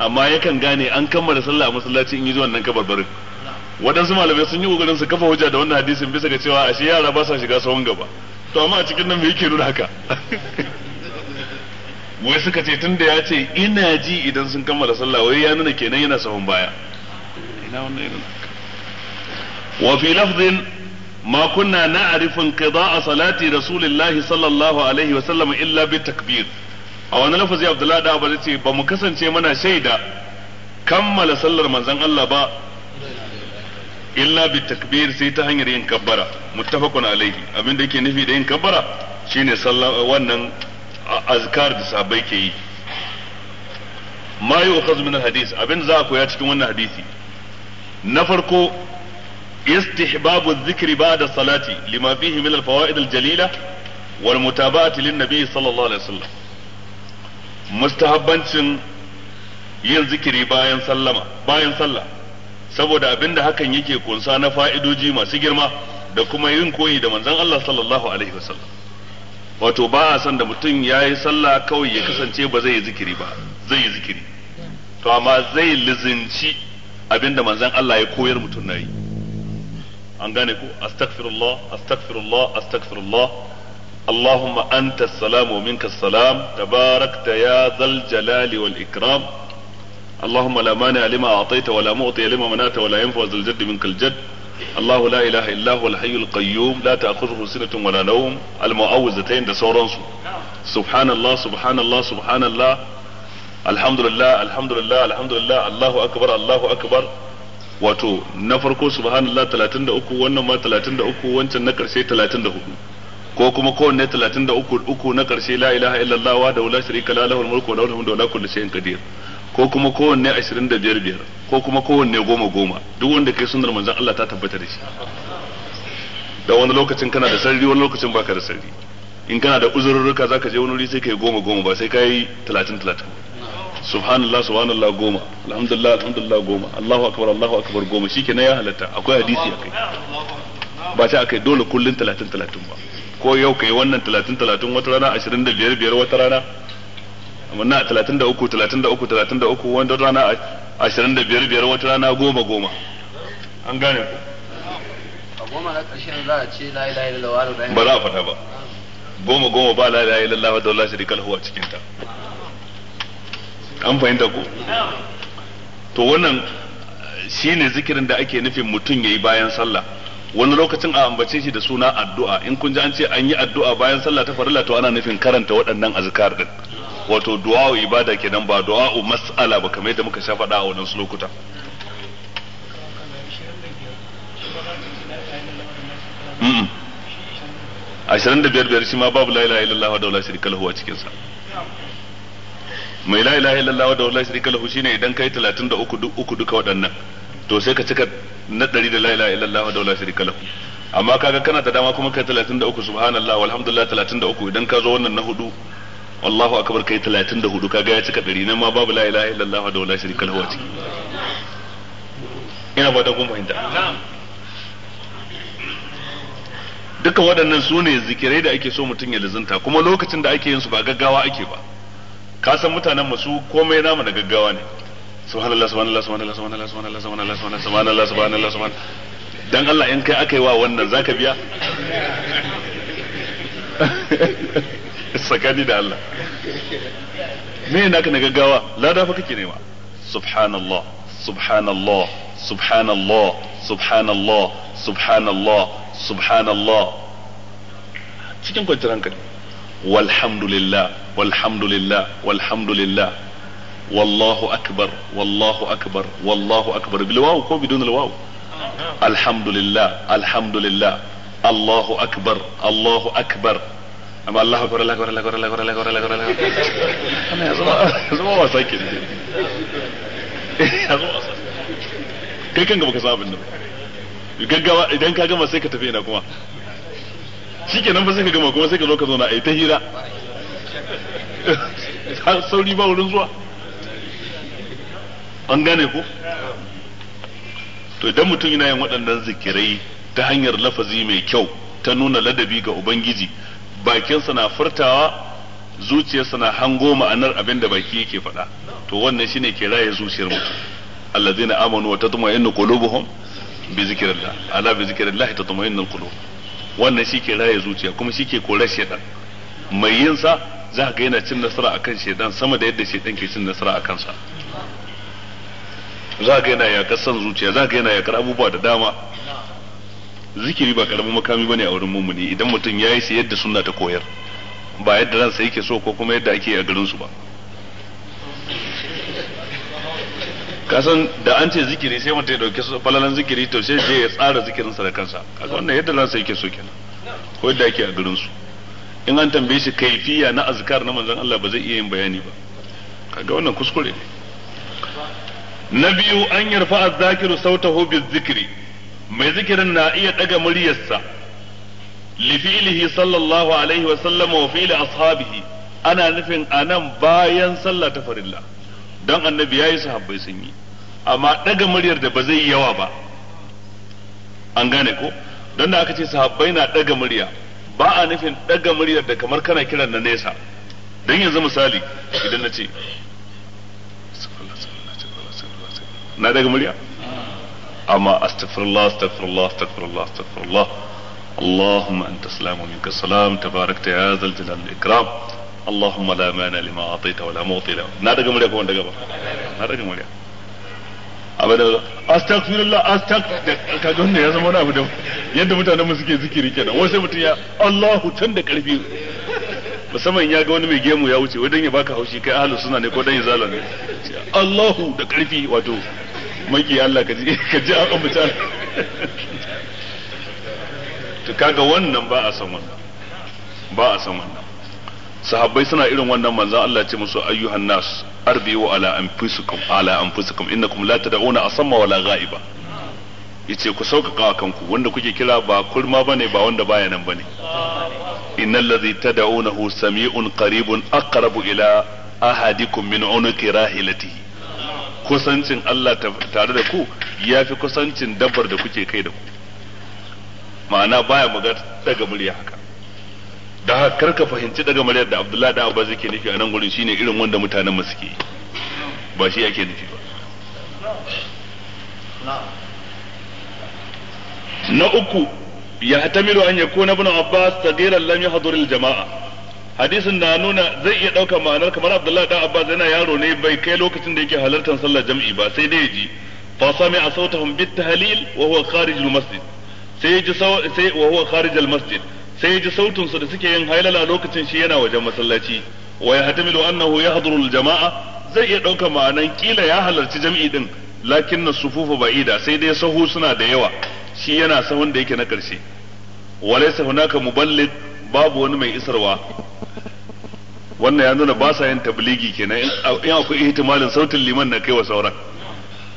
amma yakan gane an kammala sallah a masallaci in yi zuwa nan kabarbarin waɗansu malamai sun yi ƙoƙarin su kafa hujja da wannan hadisin bisa ga cewa ashe yara ba sa shiga sahun gaba to amma a cikin nan me yake nuna haka wai suka ce tun da ya ce ina ji idan sun kammala sallah wai ya nuna kenan yana sahun baya ina wannan irin wa fi lafdhin ما كنا نعرف انقضاء صلاة رسول الله صلى الله عليه وسلم إلا بالتكبير a wani lafazi abdullahi da abu ce ba mu kasance mana shaida kammala sallar manzon Allah ba illa bi takbir sai ta hanyar yin kabbara muttafaqun alaihi abin da yake nufi da yin kabbara shine sallah wannan azkar da sahabbai ke yi ma yu'khaz min hadis abin za a koya cikin wannan hadisi na farko استحباب الذكر بعد الصلاة لما فيه من الفوائد الجليلة والمتابعة للنبي صلى الله عليه وسلم مستحبانشن yin zikiri bayan sallama bayan sallah saboda abinda hakan yake kunsa na fa'idoji masu girma da kuma yin koyi da manzan Allah sallallahu alaihi wasallam wato ba a son da mutum ya yi sallah kawai ya kasance ba zai yi zikiri ba zai yi zikiri to amma zai lizinci abinda manzan Allah ya koyar mutum na yi an gane ko astaghfirullah astaghfirullah astaghfirullah اللهم أنت السلام ومنك السلام تباركت يا ذا الجلال والإكرام اللهم لا مانع لما اعطيت ولا معطي لما منعت ولا ينفع ذا الجد منك الجد الله لا اله الا هو الحي القيوم لا تاخذه سنه ولا نوم المعوذتين da sauransu subhanallah subhanallah subhanallah alhamdulillah alhamdulillah alhamdulillah allahu akbar allahu akbar wato na farko subhanallah 33 wannan ma 33 wancan na karshe 34 ko kuma kowanne 33 uku na karshe la ilaha illallah wa da la sharika la lahul mulku wa lahul hamdu wa la kulli shay'in qadir ko kuma kowanne ashirin da biyar biyar ko kuma kowanne goma goma duk wanda kai sunar manzan Allah ta tabbata da shi da wani lokacin kana da sarri wani lokacin baka da sarri in kana da uzurruka zaka je wani wuri sai kai goma goma ba sai kai talatin talatin subhanallah subhanallah goma alhamdulillah alhamdulillah goma allahu akbar allahu akbar goma na ya halatta akwai hadisi akai ba ta akai dole kullun talatin talatin ba ko yau kai wannan talatin talatin wata rana ashirin da biyar biyar wata rana na 33 talatin da uku talatin da uku talatin da uku wanda rana ashirin da biyar biyar wata rana goma goma an gane ku a goma na ƙarshen za a ce la ilaha illallah ba za a fata ba goma goma ba la ilaha illallah da wallahi shirikal huwa cikin ta an fahimta ku. to wannan shine zikirin da ake nufin mutum yayi bayan sallah wani lokacin a ambace shi da suna addu'a in kun ji an ce an yi addu'a bayan sallah ta farilla to ana nufin karanta waɗannan azkar din wato wa ibada kenan ba du'a mas'ala ba kamar yadda muka sha faɗa a wannan lokuta ashirin da biyar biyar shi ma babu la'ila ilaha illallah da wala shirka lahu a cikinsa. mai la'ila illallah da wala shirka lahu shine idan kai talatin duk uku duka waɗannan to sai ka cika na ɗari da la'ila illallah da wala shirka lahu amma kaga kana da dama kuma kai uku subhanallah walhamdulillah uku idan ka zo wannan na hudu Allahu akbar kai 34 kaga ya cika dari nan ma babu la ilaha illallah da wala sharika lahu ciki ina fatan kun fahimta dukkan waɗannan su ne zikirai da ake so mutum ya lizinta kuma lokacin da ake yin su ba gaggawa ake ba ka san mutanen masu komai namu da gaggawa ne subhanallah subhanallah subhanallah subhanallah subhanallah subhanallah subhanallah subhanallah subhanallah subhanallah dan Allah in kai aka yi wa wannan zaka biya tsakani da Allah me naka na gaggawa lada fa kake nema subhanallah subhanallah subhanallah subhanallah subhanallah subhanallah cikin kwanciyar hankali walhamdulillah walhamdulillah walhamdulillah wallahu akbar wallahu akbar wallahu akbar bil waw ko bidun al waw alhamdulillah alhamdulillah Allahu akbar Allahu akbar amma Allahu akbar Allahu akbar Allahu akbar Allahu akbar Allahu akbar wannan ya zama ya zama wasa ke ya kai kanka baka san nan gaggawa idan ka gama sai ka tafi ina kuma shikenan ba sai ka gama kuma sai ka zo ka zauna ai ta hira sauri ba wurin zuwa an gane ko to idan mutum yana yin waɗannan zikirai ta hanyar lafazi mai kyau ta nuna ladabi ga ubangiji bakinsa na furtawa zuciyarsa na hango ma'anar abin da baki yake faɗa to wannan shine ke raye zuciyar mutum allazina amanu wa tatma'innu qulubuhum bi zikrillah ala bi zikrillah tatma'innu qulub wannan shi ke raye zuciya kuma shi ke korar shedan mai yin sa za ga yana cin nasara akan shedan sama da yadda shedan ke cin nasara akan sa za ga yana yakar san zuciya za ga yana yakar abubuwa da dama zikiri ba karamin makami bane a wurin mumuni idan mutum ya yi sai yadda sunna ta koyar ba yadda sa yake so ko kuma yadda ake a garin su ba kasan da an ce zikiri sai mutum ya dauki falalan zikiri to sai je ya tsara zikirin sa da kansa kaga wannan yadda ransa yake so kenan ko yadda ake a garin su in an tambaye shi kaifiya na azkar na manzon Allah ba zai iya yin bayani ba kaga wannan kuskure ne na biyu an yarfa azzakiru sautahu bizikri mai zikirin na iya daga muryarsa lifilihi sallallahu alaihi wa sallam wa fi'li ashabihi ana nufin anan bayan sallah ta farilla dan annabi yayi sahabbai sun yi amma daga muryar da ba zai yi yawa ba an gane ko don da aka ce sahabbai na daga murya ba a nufin daga muryar da kamar kana kiran na nesa don yanzu misali idan na ce na daga murya أما أستغفر الله أستغفر الله اللهم أنت سلام ومنك السلام تبارك يا الجلال اللهم لا مانع لما أعطيت ولا معطي له كون ya zama abu da yadda zikiri kenan wai sai mutum ya Allahu can da karfi musamman ya ga wani mai gemu ya wuce wai ya baka haushi kai ne ko dan maki Allah ka ji ka ji an ambata to kaga wannan ba a san wannan ba a san wannan sahabbai suna irin wannan manzon Allah ce musu ayyuhan nas arbiu ala anfusikum ala anfusikum innakum la tad'una asamma wala ghaiba yace ku sauƙaƙa wa kanku wanda kuke kira ba kurma bane ba wanda baya nan bane innal ladhi tad'unahu sami'un qaribun aqrabu ila ahadikum min unuqi rahilatihi kusancin Allah tare da ku ya fi kusancin dabbar da kuke kai da ku ma'ana baya maga daga murya haka da haka karka fahimci daga muryar da Abdullahi da Abba yake nufi a nan gurin shine irin wanda mutanen mu suke ba shi yake nufi ba na uku ya hatamilu an yakuna ibn Abbas saghiran lam yahdhur al jama'a hadisin na nuna zai iya ɗaukar ma'anar kamar abdullahi dan abbas yana yaro ne bai kai lokacin da yake halartar sallar jam'i ba sai dai ji fa sami'a sautahum bit tahlil wa huwa kharij al masjid sai ji sai wa huwa kharij al masjid sai ji sautin su da suke yin halala lokacin shi yana wajen masallaci wa yahtamilu annahu yahduru al jama'a zai iya ɗaukar ma'anar kila ya halarci jam'i din lakin sufufu ba'ida sai dai sahu suna da yawa shi yana sahun da yake na ƙarshe walaysa hunaka muballigh babu wani mai isarwa wannan ya nuna ba sa yin tabligi kenan in akwai ihtimalin sautin liman na kai wa sauran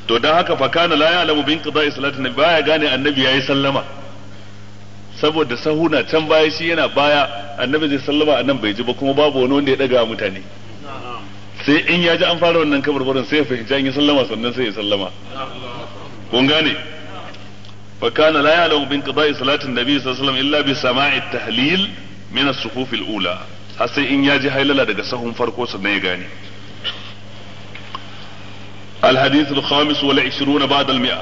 to dan haka fa kana la ya'lamu bin qada'i salati nabi baya gane annabi yayi sallama saboda sahuna can baya shi yana baya annabi zai sallama annan bai ji ba kuma babu wani wanda ya daga mutane sai in ya ji an fara wannan kabarbarin sai ya fahimci an yi sallama sannan sai ya sallama kun gane fa kana la ya'lamu bin qada'i salati nabi sallallahu alaihi wasallam illa bi sama'i tahlil min as-sufuf ula har sai in ya ji hailala daga sahun farko sannan ya gane الحديث الخامس والعشرون بعد المئة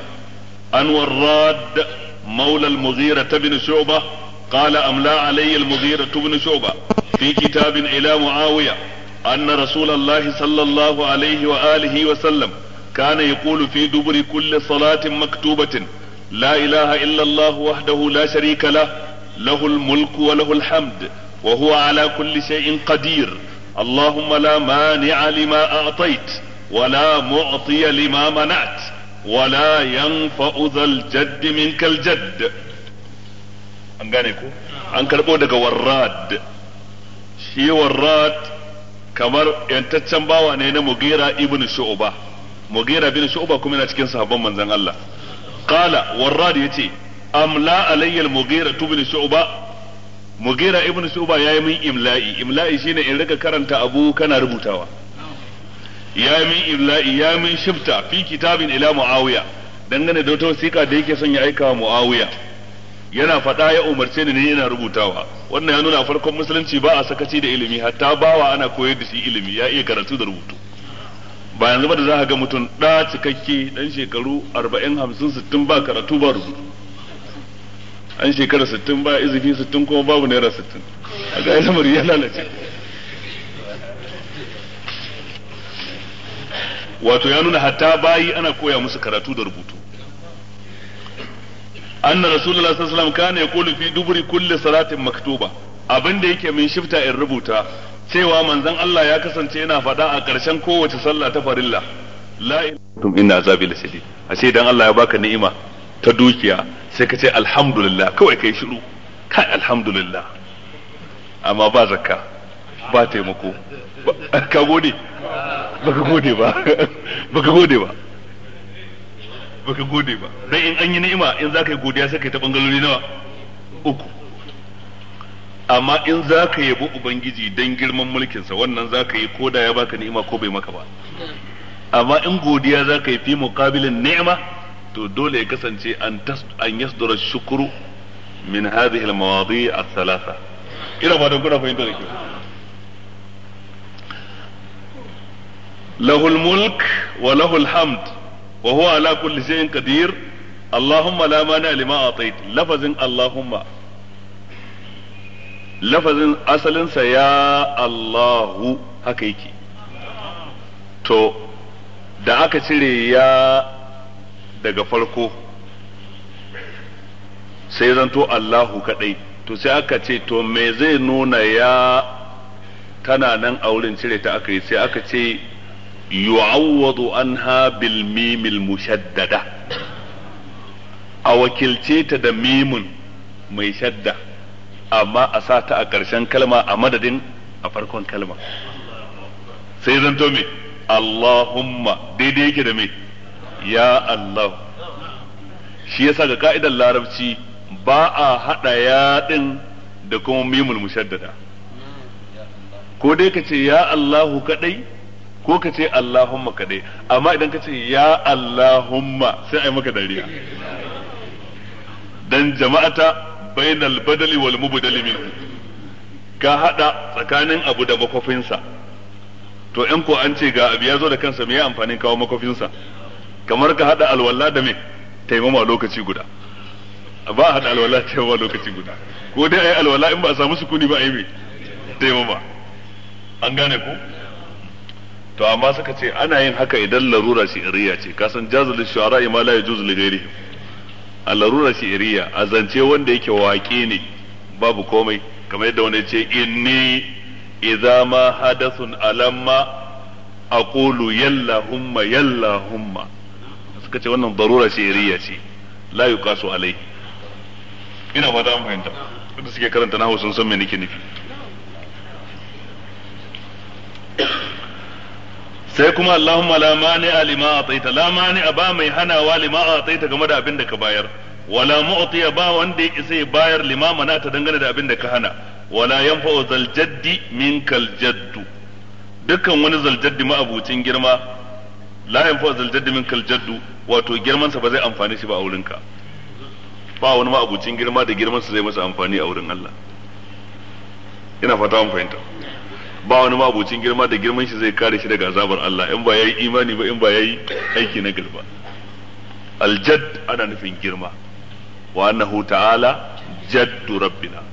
أن الراد مولى المغيرة بن شعبة قال أملا علي المغيرة بن شعبة في كتاب إلى معاوية أن رسول الله صلى الله عليه وآله وسلم كان يقول في دبر كل صلاة مكتوبة لا إله إلا الله وحده لا شريك له له الملك وله الحمد wa huwa ala kulli shay'in qadir allahuma la mani'a lima a'tait wa la mu'tiya lima mana'at wa la yanfa'u dhal minkal jadd an karbo daga warrad shi warrad kamar yantaccen bawa ne na mugira ibn shu'ba mugira bin shu'ba kuma yana cikin sahabban manzon Allah qala warrad yace amla alayya al-mugira ibn shu'ba mugira ibn shuba yayi min imla'i imla'i shine in rika karanta abu kana rubutawa yayi min imla'i yayi min shifta fi kitabin ila muawiya dangane da wata wasiƙa da yake son ya aika wa muawiya yana faɗa ya umarce ni ne yana rubutawa wannan ya nuna farkon musulunci ba a sakaci da ilimi hatta bawa ana koyar da shi ilimi ya iya karatu da rubutu ba yanzu ba da za ga mutum ɗa cikakke ɗan shekaru arba'in hamsin sittin ba karatu ba rubutu an shekara sittin ba izifi sittin kuma babu naira sittin a ga lamari ya lalace wato ya nuna hatta bayi ana koya musu karatu da rubutu anna rasulullah sallallahu alaihi wasallam kana yaqulu fi duburi kulli salatin maktuba abinda yake min shifta in rubuta cewa manzon Allah ya kasance yana fada a ƙarshen kowace sallah ta farilla la ilaha illa inna azabi lasidid ashe dan Allah ya baka ni'ima ta dukiya sai ka ce alhamdulillah kawai kai shiru kai alhamdulillah amma ba zakka ba taimako ka gode baka gode ba baka gode ba baka gode ba dan in an yi ni'ima in za ka yi godiya sai ka yi ta bangalori nawa uku amma in za ka yabo ubangiji dan girman mulkinsa wannan za ka yi ko da ya baka ni'ima ko bai maka ba amma in godiya za ka yi fi muqabilin ni'ima to dole ya kasance an an yasdura shukuru min hadhihi al-mawadi' ath-thalatha ina fatan kuna fahimta da له الملك وله الحمد وهو على كل شيء قدير اللهم لا مانع لما أعطيت لفظ اللهم lafazin asalinsa ya Allahu haka yake to da aka cire ya daga farko sai zanto Allahu kaɗai, to sai aka ce to me zai nuna ya tana nan a wurin cire ta aka yi sai aka ce yu'awwadu anha bil mimil mushaddada a wakilce ta da mimun mai shadda amma a sa ta a ƙarshen kalma a madadin a farkon kalma sai zanto me Allahumma daidai yake da me ya Allah shi yasa ga ka'idar larabci ba a haɗa ya din da kuma mimul mushaddada ko dai ka ce ya Allahu kaɗai ko ka ce Allahumma kaɗai amma idan ka ce ya Allahumma sai a yi maka dariya dan jama'ata bainal badali wal mubdali min ka hada tsakanin abu da makofinsa to in ko an ce ga abu ya zo da kansa me ya amfanin kawo makofinsa kamar ka hada alwala da me taimama lokaci guda ba hada alwala da taimama lokaci guda ko dai ayi alwala in ba a samu sukuni ba ayi me taimama an gane ko to amma suka ce ana yin haka idan larura shi iriya ce ka san jazul shu'ara ma la yajuz li ghairihi a larura shi a zance wanda yake waƙe ne babu komai kamar yadda wani ce inni idza ma hadathun alamma aqulu yalla humma yalla humma suka ce wannan barura ce shi'iriya ce la kasu alai ina ba da fahimta da suke karanta nahu sun san me nake nufi sai kuma Allahumma la mani lima ataita la mani ba mai hanawa lima taita game da abin da ka bayar wala mu'tiya ba wanda ya isa ya bayar lima mana ta dangane da abin da ka hana wala yanfa'u zal zaljaddi minkal dukkan wani zaljaddi ma'abucin girma la yanfa zal min kal jaddu wato girman sa ba zai amfane shi ba a wurin ka ba wani ma abucin girma da girman sa zai masa amfani a wurin Allah ina fata an fahimta ba wani ma abucin girma da girman shi zai kare shi daga azabar Allah in ba yayi imani ba in ba yayi aiki na al aljad ana nufin girma wa annahu ta'ala jaddu rabbina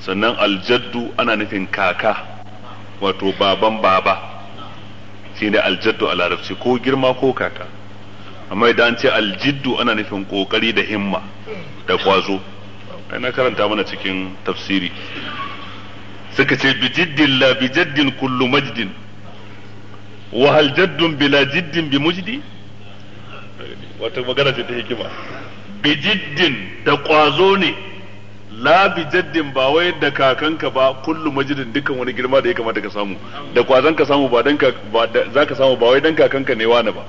sannan aljaddu ana nufin kaka wato baban baba shine aljaddu a larabci ko girma ko kaka amma idan an ce aljiddu ana nufin kokari da himma da kwazo na karanta mana cikin tafsiri suka ce bijiddin la bijaddin kullu majdin wa hal jaddun bila jiddin bi mujdi wata magana ce ta hikima bijiddin da kwazo ne la bi jaddin ba wai da kakanka ba kullu majidin dukkan wani girma da ya kamata ka samu da kwazan ka samu ba dan ka ba za ka samu ba wai dan kakanka ne wani ba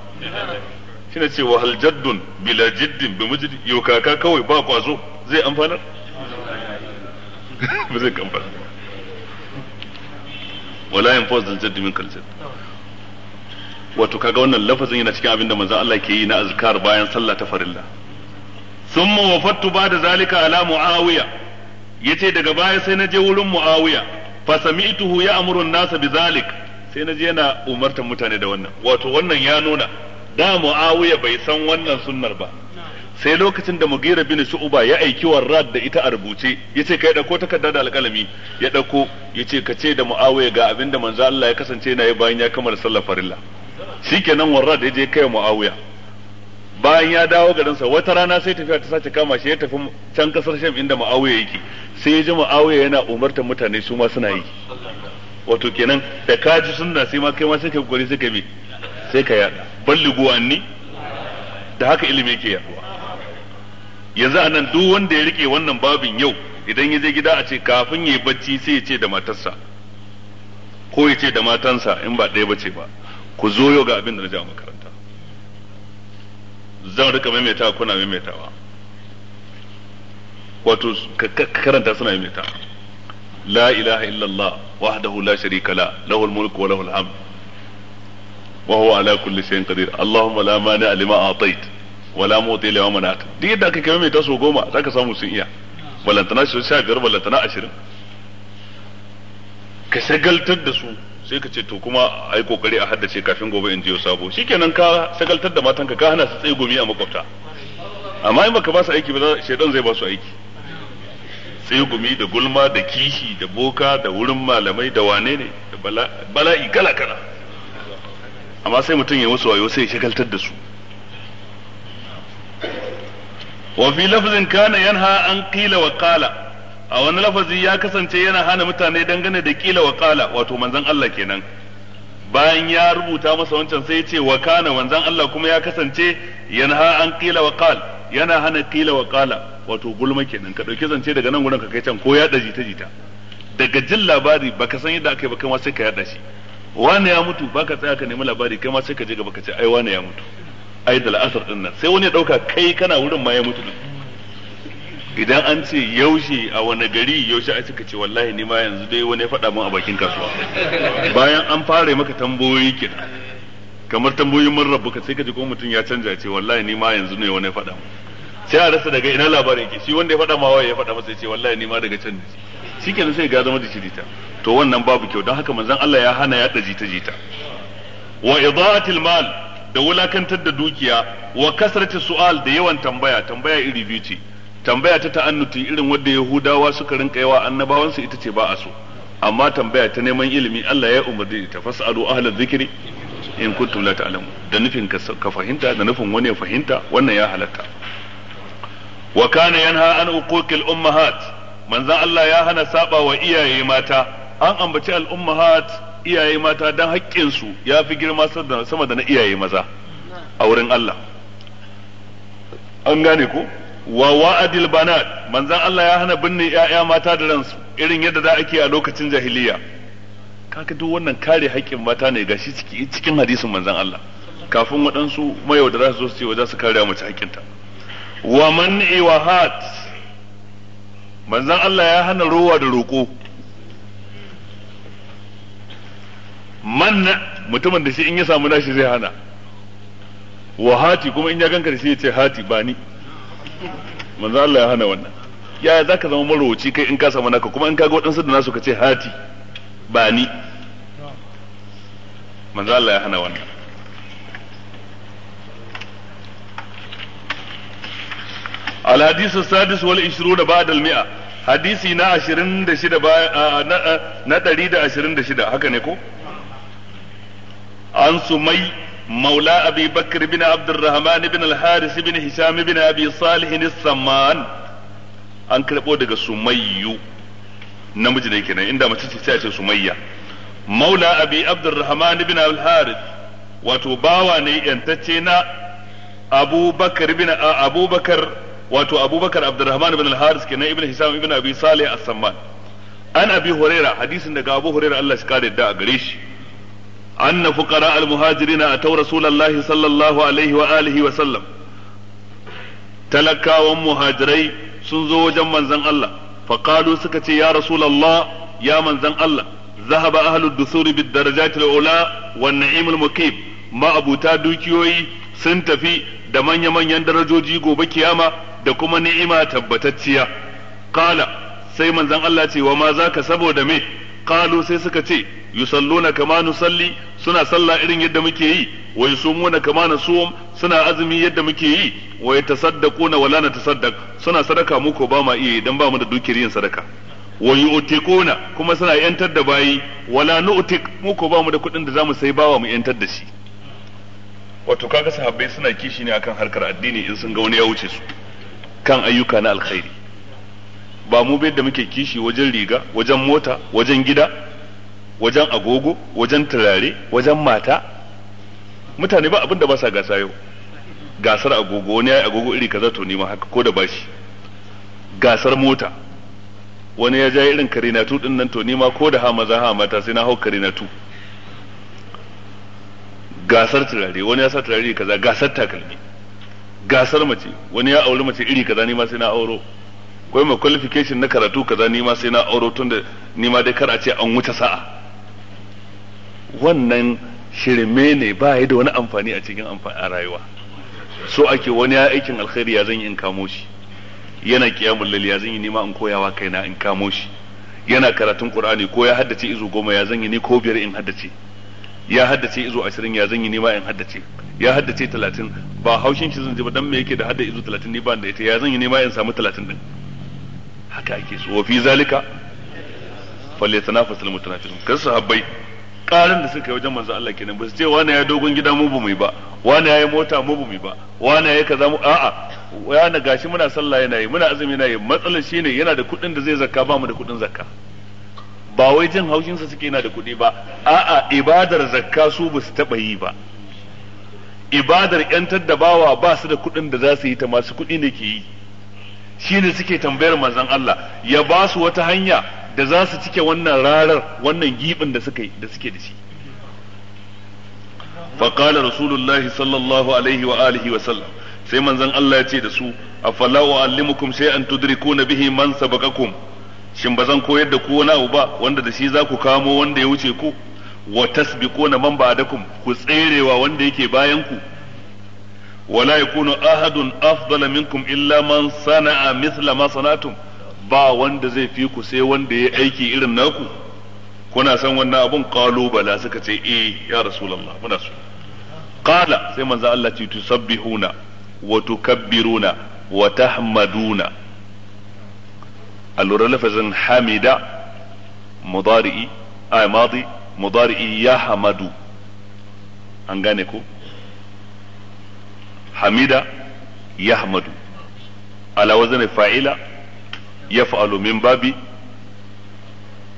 shine ce wa hal jaddun bila jiddin bi majid yo kaka kawai ba kwazo zai amfanar ba zai kamfana wala yanfa'u zal jaddi min kal wato kaga wannan lafazin yana cikin abin da manzon Allah ke yi na azkar bayan sallah ta farilla ثم وفدت بعد ذلك zalika ala yace daga baya sai na je wurin muawiya fa sami'tuhu ya'muru an-nasa bizalik sai na je yana umartar mutane da wannan wato wannan ya nuna da muawiya bai san wannan sunnar ba sai lokacin da Mughira bin Shu'ba ya aiki Warrad da ita a rubuce yace kai dauko takarda da alƙalami ya dauko yace ka ce da Muawiya ga abinda da manzo Allah ya kasance yana yi bayan ya kammala sallar farilla shikenan Warrad ya je kai Muawiya bayan ya dawo garinsa wata rana sai tafiya ta sace kama shi ya tafi can kasar sham inda ma'awiya yake sai ya ji ma'awiya yana umartar mutane su ma suna yi wato kenan da ka ji sunna sai ma kai ma sai ka kokari sai ka bi sai ka yada balligu anni da haka ilimi yake yaduwa yanzu anan duk wanda ya rike wannan babin yau idan ya je gida a ce kafin ya yi bacci sai ya ce da matarsa ko ya ce da matansa in ba ɗaya bace ba ku zo yau ga abin da na ja makaranta zan rika maimaita kuna maimaitawa wato karanta suna maimaita la ilaha illallah wahdahu la sharika la lahul mulku wa lahul hamd wa huwa ala kulli shay'in qadir allahumma la mani lima atait wa la muti lima manat duk yadda aka kai maimaita su goma zaka samu sun iya balantana su sha biyar balantana ashirin ka shagaltar da su sai ka ce to kuma a yi kokari a haddace kafin gobe in jiyo sabo shikenan ka sagaltar da matanka ka hana su tsaye gumi a makwabta amma in baka ba su aiki ba shaidan zai ba su aiki tsaye gumi da gulma da kishi da boka da wurin malamai da wane ne da bala'i kala kala amma sai mutum ya musu wayo sai ya shagaltar da su wa fi lafzin kana yanha an qila wa qala a wani lafazi ya kasance yana hana mutane dangane da kila wa kala wato manzan Allah kenan bayan ya rubuta masa wancan sai ya ce wa kana manzan Allah kuma ya kasance yana ha an kila wa kal yana hana kila wa kala wato gulma kenan ka dauki zance daga nan gurin ka kai can ko ya daji ta jita daga jin labari baka san yadda aka yi ba kai ma sai ka yada shi wani ya mutu baka tsaya ka nemi labari kai ma sai ka je gaba ka ce ai wani ya mutu ai da la'asar din sai wani ya dauka kai kana wurin ma ya mutu idan an ce yaushe a wani gari yaushe ai suka ce wallahi ni ma yanzu dai wani ya faɗa mun a bakin kasuwa bayan an fara maka tambayoyi kenan kamar tambayoyin mun rabbuka sai ka ji ko mutum ya canja ce wallahi ni ma yanzu ne wani ya faɗa mun sai a rasa daga ina labarin ke shi wanda ya faɗa ma wai ya faɗa masa ya ce wallahi ni ma daga can ne shikenan sai ga zama da shirita to wannan babu kyau don haka manzon Allah ya hana ya daji jita jita wa idaatil mal da wulakantar da dukiya wa kasrati su'al da yawan tambaya tambaya iri biyu ce tambaya ta ta'annuti irin wadda yahudawa suka rinka yawa annabawansu ita ce ba a so amma tambaya ta neman ilimi Allah ya umarni ta fasalu ahla dhikri in kuntum la ta'lamu da nufin ka fahimta da nufin wani ya fahimta wannan ya halatta wa kana yanha an uquqil ummahat manzan Allah ya hana saba wa iyaye mata an ambaci al ummahat iyaye mata dan haƙƙin su ya fi girma sama da na iyaye maza a wurin Allah an gane ko wa wa'adil banat manzon Allah ya hana binne ƴaƴa mata da ransu irin yadda da ake a lokacin jahiliya kaka duk wannan kare haƙƙin mata ne gashi cikin hadisin manzon Allah kafin waɗansu mayaudara su zo su ce wa za su kare mace haƙƙinta wa man'i wa hat manzon Allah ya hana rowa da roƙo manna mutumin da shi in ya samu nashi zai hana wa hati kuma in ya ganka da shi ya ce hati ba ni manzo Allah ya hana wannan ya za ka zama marowaci kai in ka samu naka kuma in ka ga waɗansu da nasu ka ce hati ba ni manzo Allah ya hana wannan الحديث السادس والعشرون بعد المئة حديثي نا عشرين دا شدا با... نا... نا دريد عشرين دا شدا هكا نيكو عن سمي مولى أبي بكر بن عبد الرحمن بن الحارث بن هشام بن أبي صالح السمان an karɓo daga sumayyu namiji ne kenan inda mace ce sai ce sumayya maula abi abdurrahman ibn al harith wato bawa ne yantacce na abubakar ibn abubakar wato abubakar kenan ibn hisam ibn abi salih as-samman an abi huraira hadisin daga abu huraira Allah shi kare da a gare shi أن فقراء المهاجرين أتوا رسول الله صلى الله عليه وآله وسلم تلكا مهاجري سنزو وجن من زن الله فقالوا سكتي يا رسول الله يا من زن الله ذهب أهل الدثور بالدرجات الأولى والنعيم المقيم ما أبو تادوكيوي سنتفي da manya-manyan darajoji gobe kiyama da kuma ni'ima tabbatacciya kala sai manzon Allah ce wa ma zaka saboda me qalu sai suka ce yusalluna kama nusalli suna sallah irin yadda muke yi wa yusumuna kama nasum suna azumi yadda muke yi wa yatasaddaquna wala natasaddaq suna sadaka mu ko ba ma iya dan ba mu da dukiyar yin sadaka wa yu'tikuna kuma suna yantar da bayi wala nu'tik mu ko ba mu da kuɗin da zamu sai bawa mu yantar da shi wato kaga sahabbai suna kishi ne akan harkar addini in sun ga wani ya wuce su kan ayyuka na alkhairi ba mu bai da muke kishi wajen riga wajen mota wajen gida wajen agogo wajen turare wajen mata mutane ba abin da ba sa gasa yau gasar agogo wani ya yi agogo iri kaza to nima haka ko da bashi gasar mota wani ya ja irin karinatu din nan to nima ko da ha maza ha mata sai na hau karinatu gasar turare wani ya sa turare kaza gasar takalmi gasar mace wani ya auri mace iri kaza nima sai na auro wai ma qualification na karatu kaza ni ma sai na auro tun da ni ma dai kar a ce an wuce sa'a wannan shirme ne ba ya da wani amfani a cikin a rayuwa so ake wani ya aikin alkhairi ya zan yi in kamo shi yana kiyamul lail ya zan yi nima in koyawa kaina in kamo shi yana karatun qur'ani ko ya haddace izu goma ya zan yi ni ko biyar in haddace ya haddace izu ashirin ya zan yi nima in haddace ya haddace talatin ba haushin shi zan ji ba dan me yake da hadda izu talatin ni ba da ita ya zan yi nima in samu talatin din haka ake so wa fi zalika falyatanafasul mutanafisun kan sahabbai karin da suka yi wajen manzo Allah kenan ba su ce wani ya dogon gida mu bamu ba wani ya yi mota mu bamu ba wani ya yi kaza mu a'a wani gashi muna sallah yana yi muna azumi yana yi matsalar shine yana da kuɗin da zai zakka ba mu da kuɗin zakka ba wai jin haushin sa suke yana da kuɗi ba a'a ibadar zakka su ba su taɓa yi ba ibadar yantar da bawa ba su da kuɗin da za su yi ta masu kuɗi ne ke yi shine suke tambayar manzon Allah ya ba su wata hanya da za su cike wannan rarar wannan gibin da suke da suke da shi faqala rasulullahi sallallahu alaihi wa alihi wa sallam sai manzon Allah ya ce da su afala uallimukum shay'an tudrikuna bihi man sabaqakum shin bazan koyar da ku wani abu ba wanda da shi za ku kamo wanda ya wuce ku wa tasbiquna man ba'dakum ku tserewa wanda yake bayan ku wala yakunu ahadun afdala minkum illa man sana'a mithla ma ba wanda zai fi ku sai wanda ya aiki irin naku kuna san wannan abun kalubala suka ce eh ya rasulullah muna so qala sai manzo Allah ce tusabbihuna wa tukabbiruna wa tahmaduna allura lafazin hamida mudari'i ay madi mudari'i ya hamadu an gane ko hamida yahmadu ala wazani fa'ila yaf'alu min babi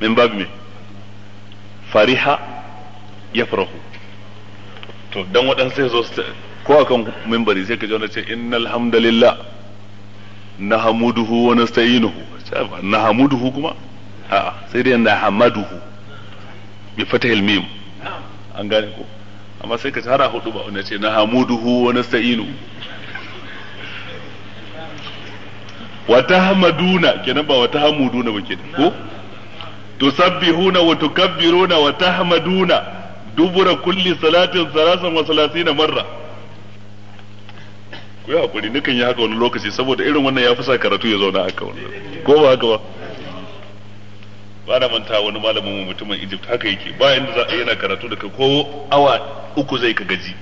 min babi me fariha yafrahu to dan waɗansu sai zo ko kan mimbari sai ka ji wani ce innal hamdalillah hamuduhu wa nasta'inuhu hamuduhu kuma a'a sai dai na hamaduhu bi fatahil mim an gane ko amma sai ka ci hara hudu ba wani ce na hamuduhu wa nasta'inu wa tahmaduna kenan ba wa tahmuduna ba kenan ko tusabbihuna wa tukabbiruna wa tahmaduna dubura kulli salatin salasan wa salasina marra ku yi hakuri nukan yi haka wani lokaci saboda irin wannan ya fi sa karatu ya zauna haka wannan ko ba haka ba na manta wani malamin mu mutumin Egypt haka yake ba inda za a yana karatu da ko awa uku zai ka gaji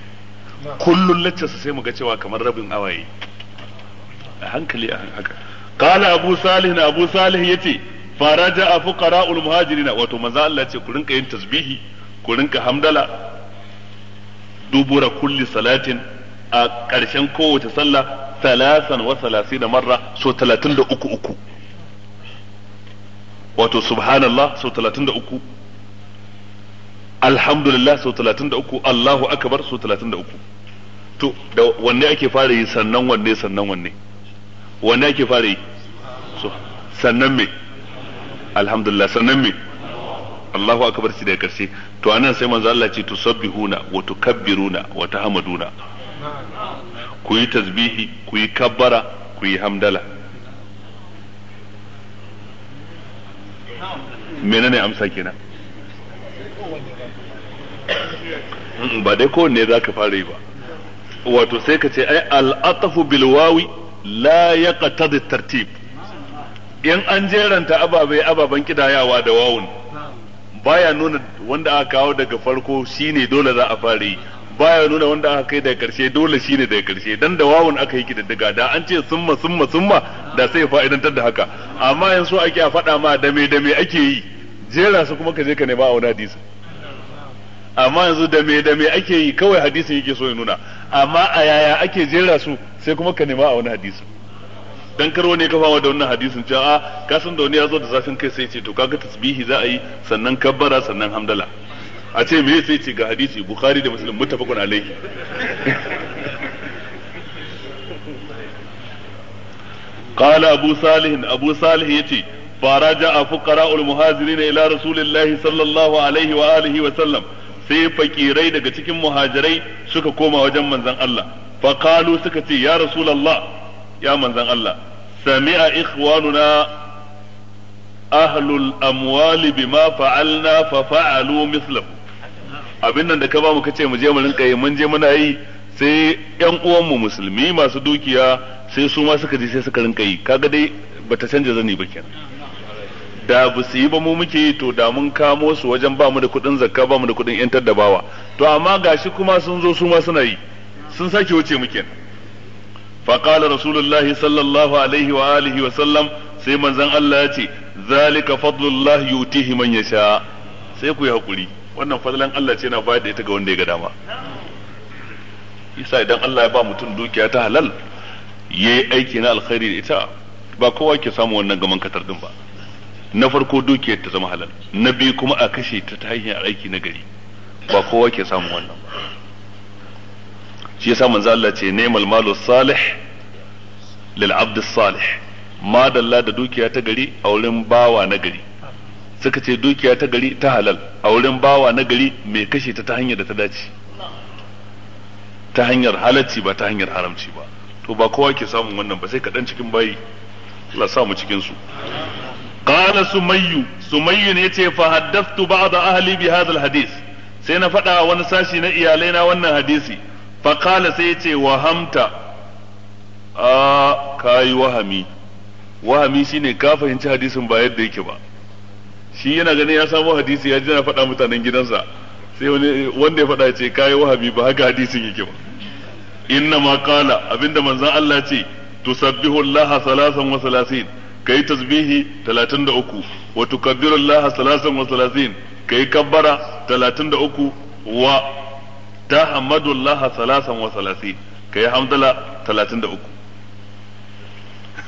kullun laccarsa sai mu ga cewa kamar rabin awa yi a hankali a haka kala abu salih na abu salih yace faraja fuqara'ul muhajirin wato manzo Allah ce ku rinka yin tasbihi ku rinka hamdala dubura kulli salatin a ƙarshen kowace sallah talasan wa salasina marra so talatin da uku uku wato subhanallah sau 33 alhamdulillah sau 33 Allahu akbar sau 33 to da wanne ake fara yi sannan wanne sannan wanne wanne ake fara yi sannan me alhamdulillah sannan me Allahu akbar shi da karshe to anan sai manzo Allah ce tusabbihuna wa tukabbiruna wa tahmaduna ku yi tasbihi ku yi kabbara ku yi hamdala menene amsa kenan ba dai kowanne za ka fara yi ba wato sai ka ce ai al'atafu bil wawi la yaqtadi tartib in an jeranta ababai ababen kidayawa da wawun baya nuna wanda aka kawo daga farko shine dole za a fara yi baya nuna wanda aka kai daga karshe dole shine daga karshe dan da wawun aka yi kididdiga da an ce summa summa summa da sai fa'idantar da haka amma yanzu ake a faɗa ma dame dame ake yi jera su kuma ka je ka nema a wani hadisi amma yanzu dame dame ake yi kawai hadisin yake so ya nuna amma a yaya ake jera su sai kuma ka nema a wani hadisin dan karwo ne ka fama da wannan hadisin cewa a kasan da wani ya zo da zafin kai sai ce to kaga tasbihi za a yi sannan kabbara sannan hamdala a ce me sai ce ga hadisi bukhari da muslim muttafaqun alaihi قال أبو صالح أبو صالح يتي فرجع فقراء المهاجرين إلى رسول الله صلى الله عليه وآله وسلم sai fakirai daga cikin muhajirai suka koma wajen manzon Allah faqalu suka ce ya rasulullah ya manzon Allah sami'a ikhwanuna ahlul amwali bima fa'alna fa fa'alu mislahu abin nan da ka ba mu kace mu je mu rinka yi mun je muna yi sai yan uwan mu musulmi masu dukiya sai su ma suka je sai suka rinka yi kaga dai bata canja zani ba kenan da ba su yi ba mu muke yi to da mun kamo su wajen ba mu da kuɗin zakka ba mu da kuɗin yan tadabawa to amma gashi kuma sun zo su ma suna yi sun sake wuce mu kenan فقال رسول الله صلى الله عليه وآله وسلم sai manzon Allah ya ce zalika fadlullah yutihi man yasha sai ku yi hakuri wannan fadlan Allah ce yana bayar da ita ga wanda ya ga dama isa idan Allah ya ba mutum dukiya ta halal yayi aiki na alkhairi da ita ba kowa ke samu wannan gaman katar din ba na farko dukiyar ta zama halal na biyu kuma a kashe ta ta hanyar aiki na gari ba kowa ke samu wannan ba shi yasa manzo Allah ce nemal malu salih lil abd salih ma dalla da dukiya ta gari a wurin bawa na gari suka ce dukiya ta gari ta halal a wurin bawa na gari mai kashe ta ta hanyar da ta dace ta hanyar halacci ba ta hanyar haramci ba to ba kowa ke samun wannan ba sai kaɗan cikin bayi Allah sa mu cikin su qala sumayyu sumayyu ne ce fa Haddaftu ba'd ahli bi hadha alhadith sai na faɗa wani sashi na iyalai na wannan hadisi fa qala sai yace ce wa hamta a ah, kai wahami wahami shine ka fahimci hadisin ba yadda yake ba shi yana ganin ya samu hadisi ya ji na faɗa mutanen gidansa sai wani wanda ya faɗa ce kayi wahabi ba haka hadisin yake ba inna ma qala abinda manzon Allah ce tusabbihu Allah salasan wa salasin kai tasbihi 33 wa tukabbiru Allah salasan wa salasin kai kabbara 33 wa tahmadu Allah salasan wa salasin kai hamdala 33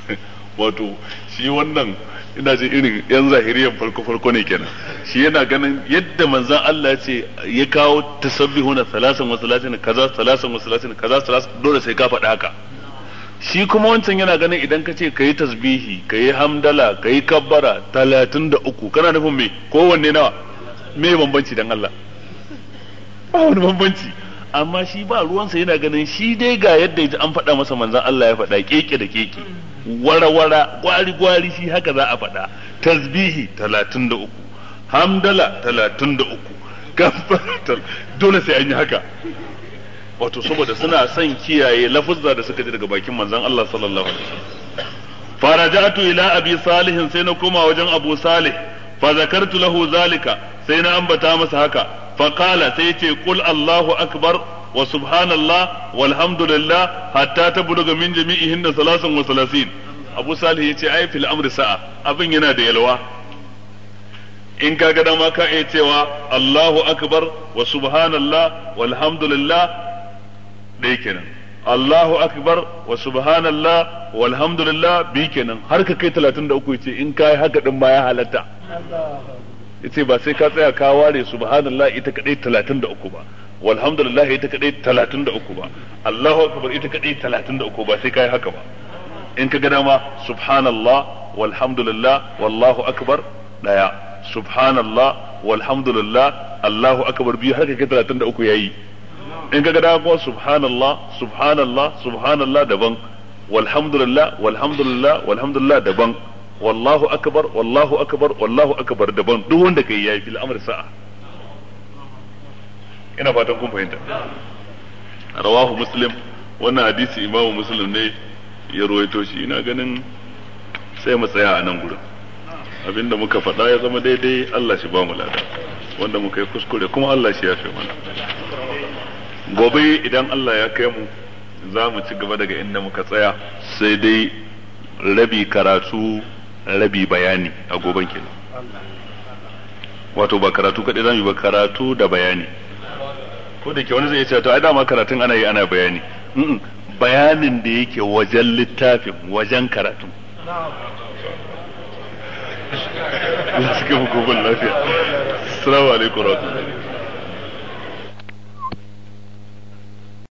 wato shi wannan ina ji irin yan zahiriyan farko farko ne kenan shi yana ganin yadda manzan Allah ya ce ya kawo ta tasabbihuna salasan wa salatin kaza salasan wa salatin kaza salasan dole sai ka faɗa haka shi kuma wancan yana ganin idan ka ce ka yi tasbihi ka yi hamdala ka yi kabbara talatin da uku kana nufin me kowanne nawa me bambanci dan Allah ba wani bambanci amma shi ba ruwansa yana ganin shi dai ga yadda an faɗa masa manzan Allah ya faɗa keke da keke wara-wara gwari-gwari shi haka za a faɗa tasbihi talatin da uku hamdala talatin da uku dole sai an yi haka wato saboda suna son kiyaye lafuzza da suka ji daga bakin manzon Allah sallallahu alaihi faraja'tu ila abi salih sai na koma wajen abu salih fa zakartu lahu zalika sai na ambata masa haka fa qala sai yace qul Allahu akbar wa subhanallah walhamdulillah hatta tabluga min jami'ihinna salasun wa salasin abu salih yace ai fil amri sa'a abin yana da yalwa in ka ga dama ka iya cewa Allahu akbar wa subhanallah walhamdulillah dai kenan Allahu akbar wa subhanallah walhamdulillah bi kenan har ka kai 33 yace in kai haka din ya yace ba sai ka tsaya ka ware subhanallah ita kadai 33 ba walhamdulillah ita kadai 33 ba Allahu akbar ita kadai 33 ba sai kai haka ba in ka ga dama subhanallah walhamdulillah wallahu akbar daya subhanallah walhamdulillah Allahu akbar biyu haka kai 33 yayi in ka ga dama kuma subhanallah subhanallah subhanallah daban walhamdulillah walhamdulillah walhamdulillah daban wallahu akbar wallahu akbar wallahu akbar daban duk wanda kai yayi fil amr sa'a ina fatan kun fahimta rawahu muslim wannan hadisi imamu muslim ne ya ruwaito shi ina ganin sai mu tsaya a nan gurin abinda muka faɗa ya zama daidai Allah shi ba mu lada wanda muka yi kuskure kuma Allah shi ya fi mana gobe idan Allah ya kai mu za mu ci gaba daga inda muka tsaya sai dai rabi karatu rabi bayani a goben kenan wato ba karatu kaɗai zamu yi ba karatu da bayani ko da ke wani zai ce to ai dama karatun ana yi ana bayani bayanin da yake wajen littafin wajen karatun Allah shi ke hukukun lafiya. Assalamu alaikum warahmatullahi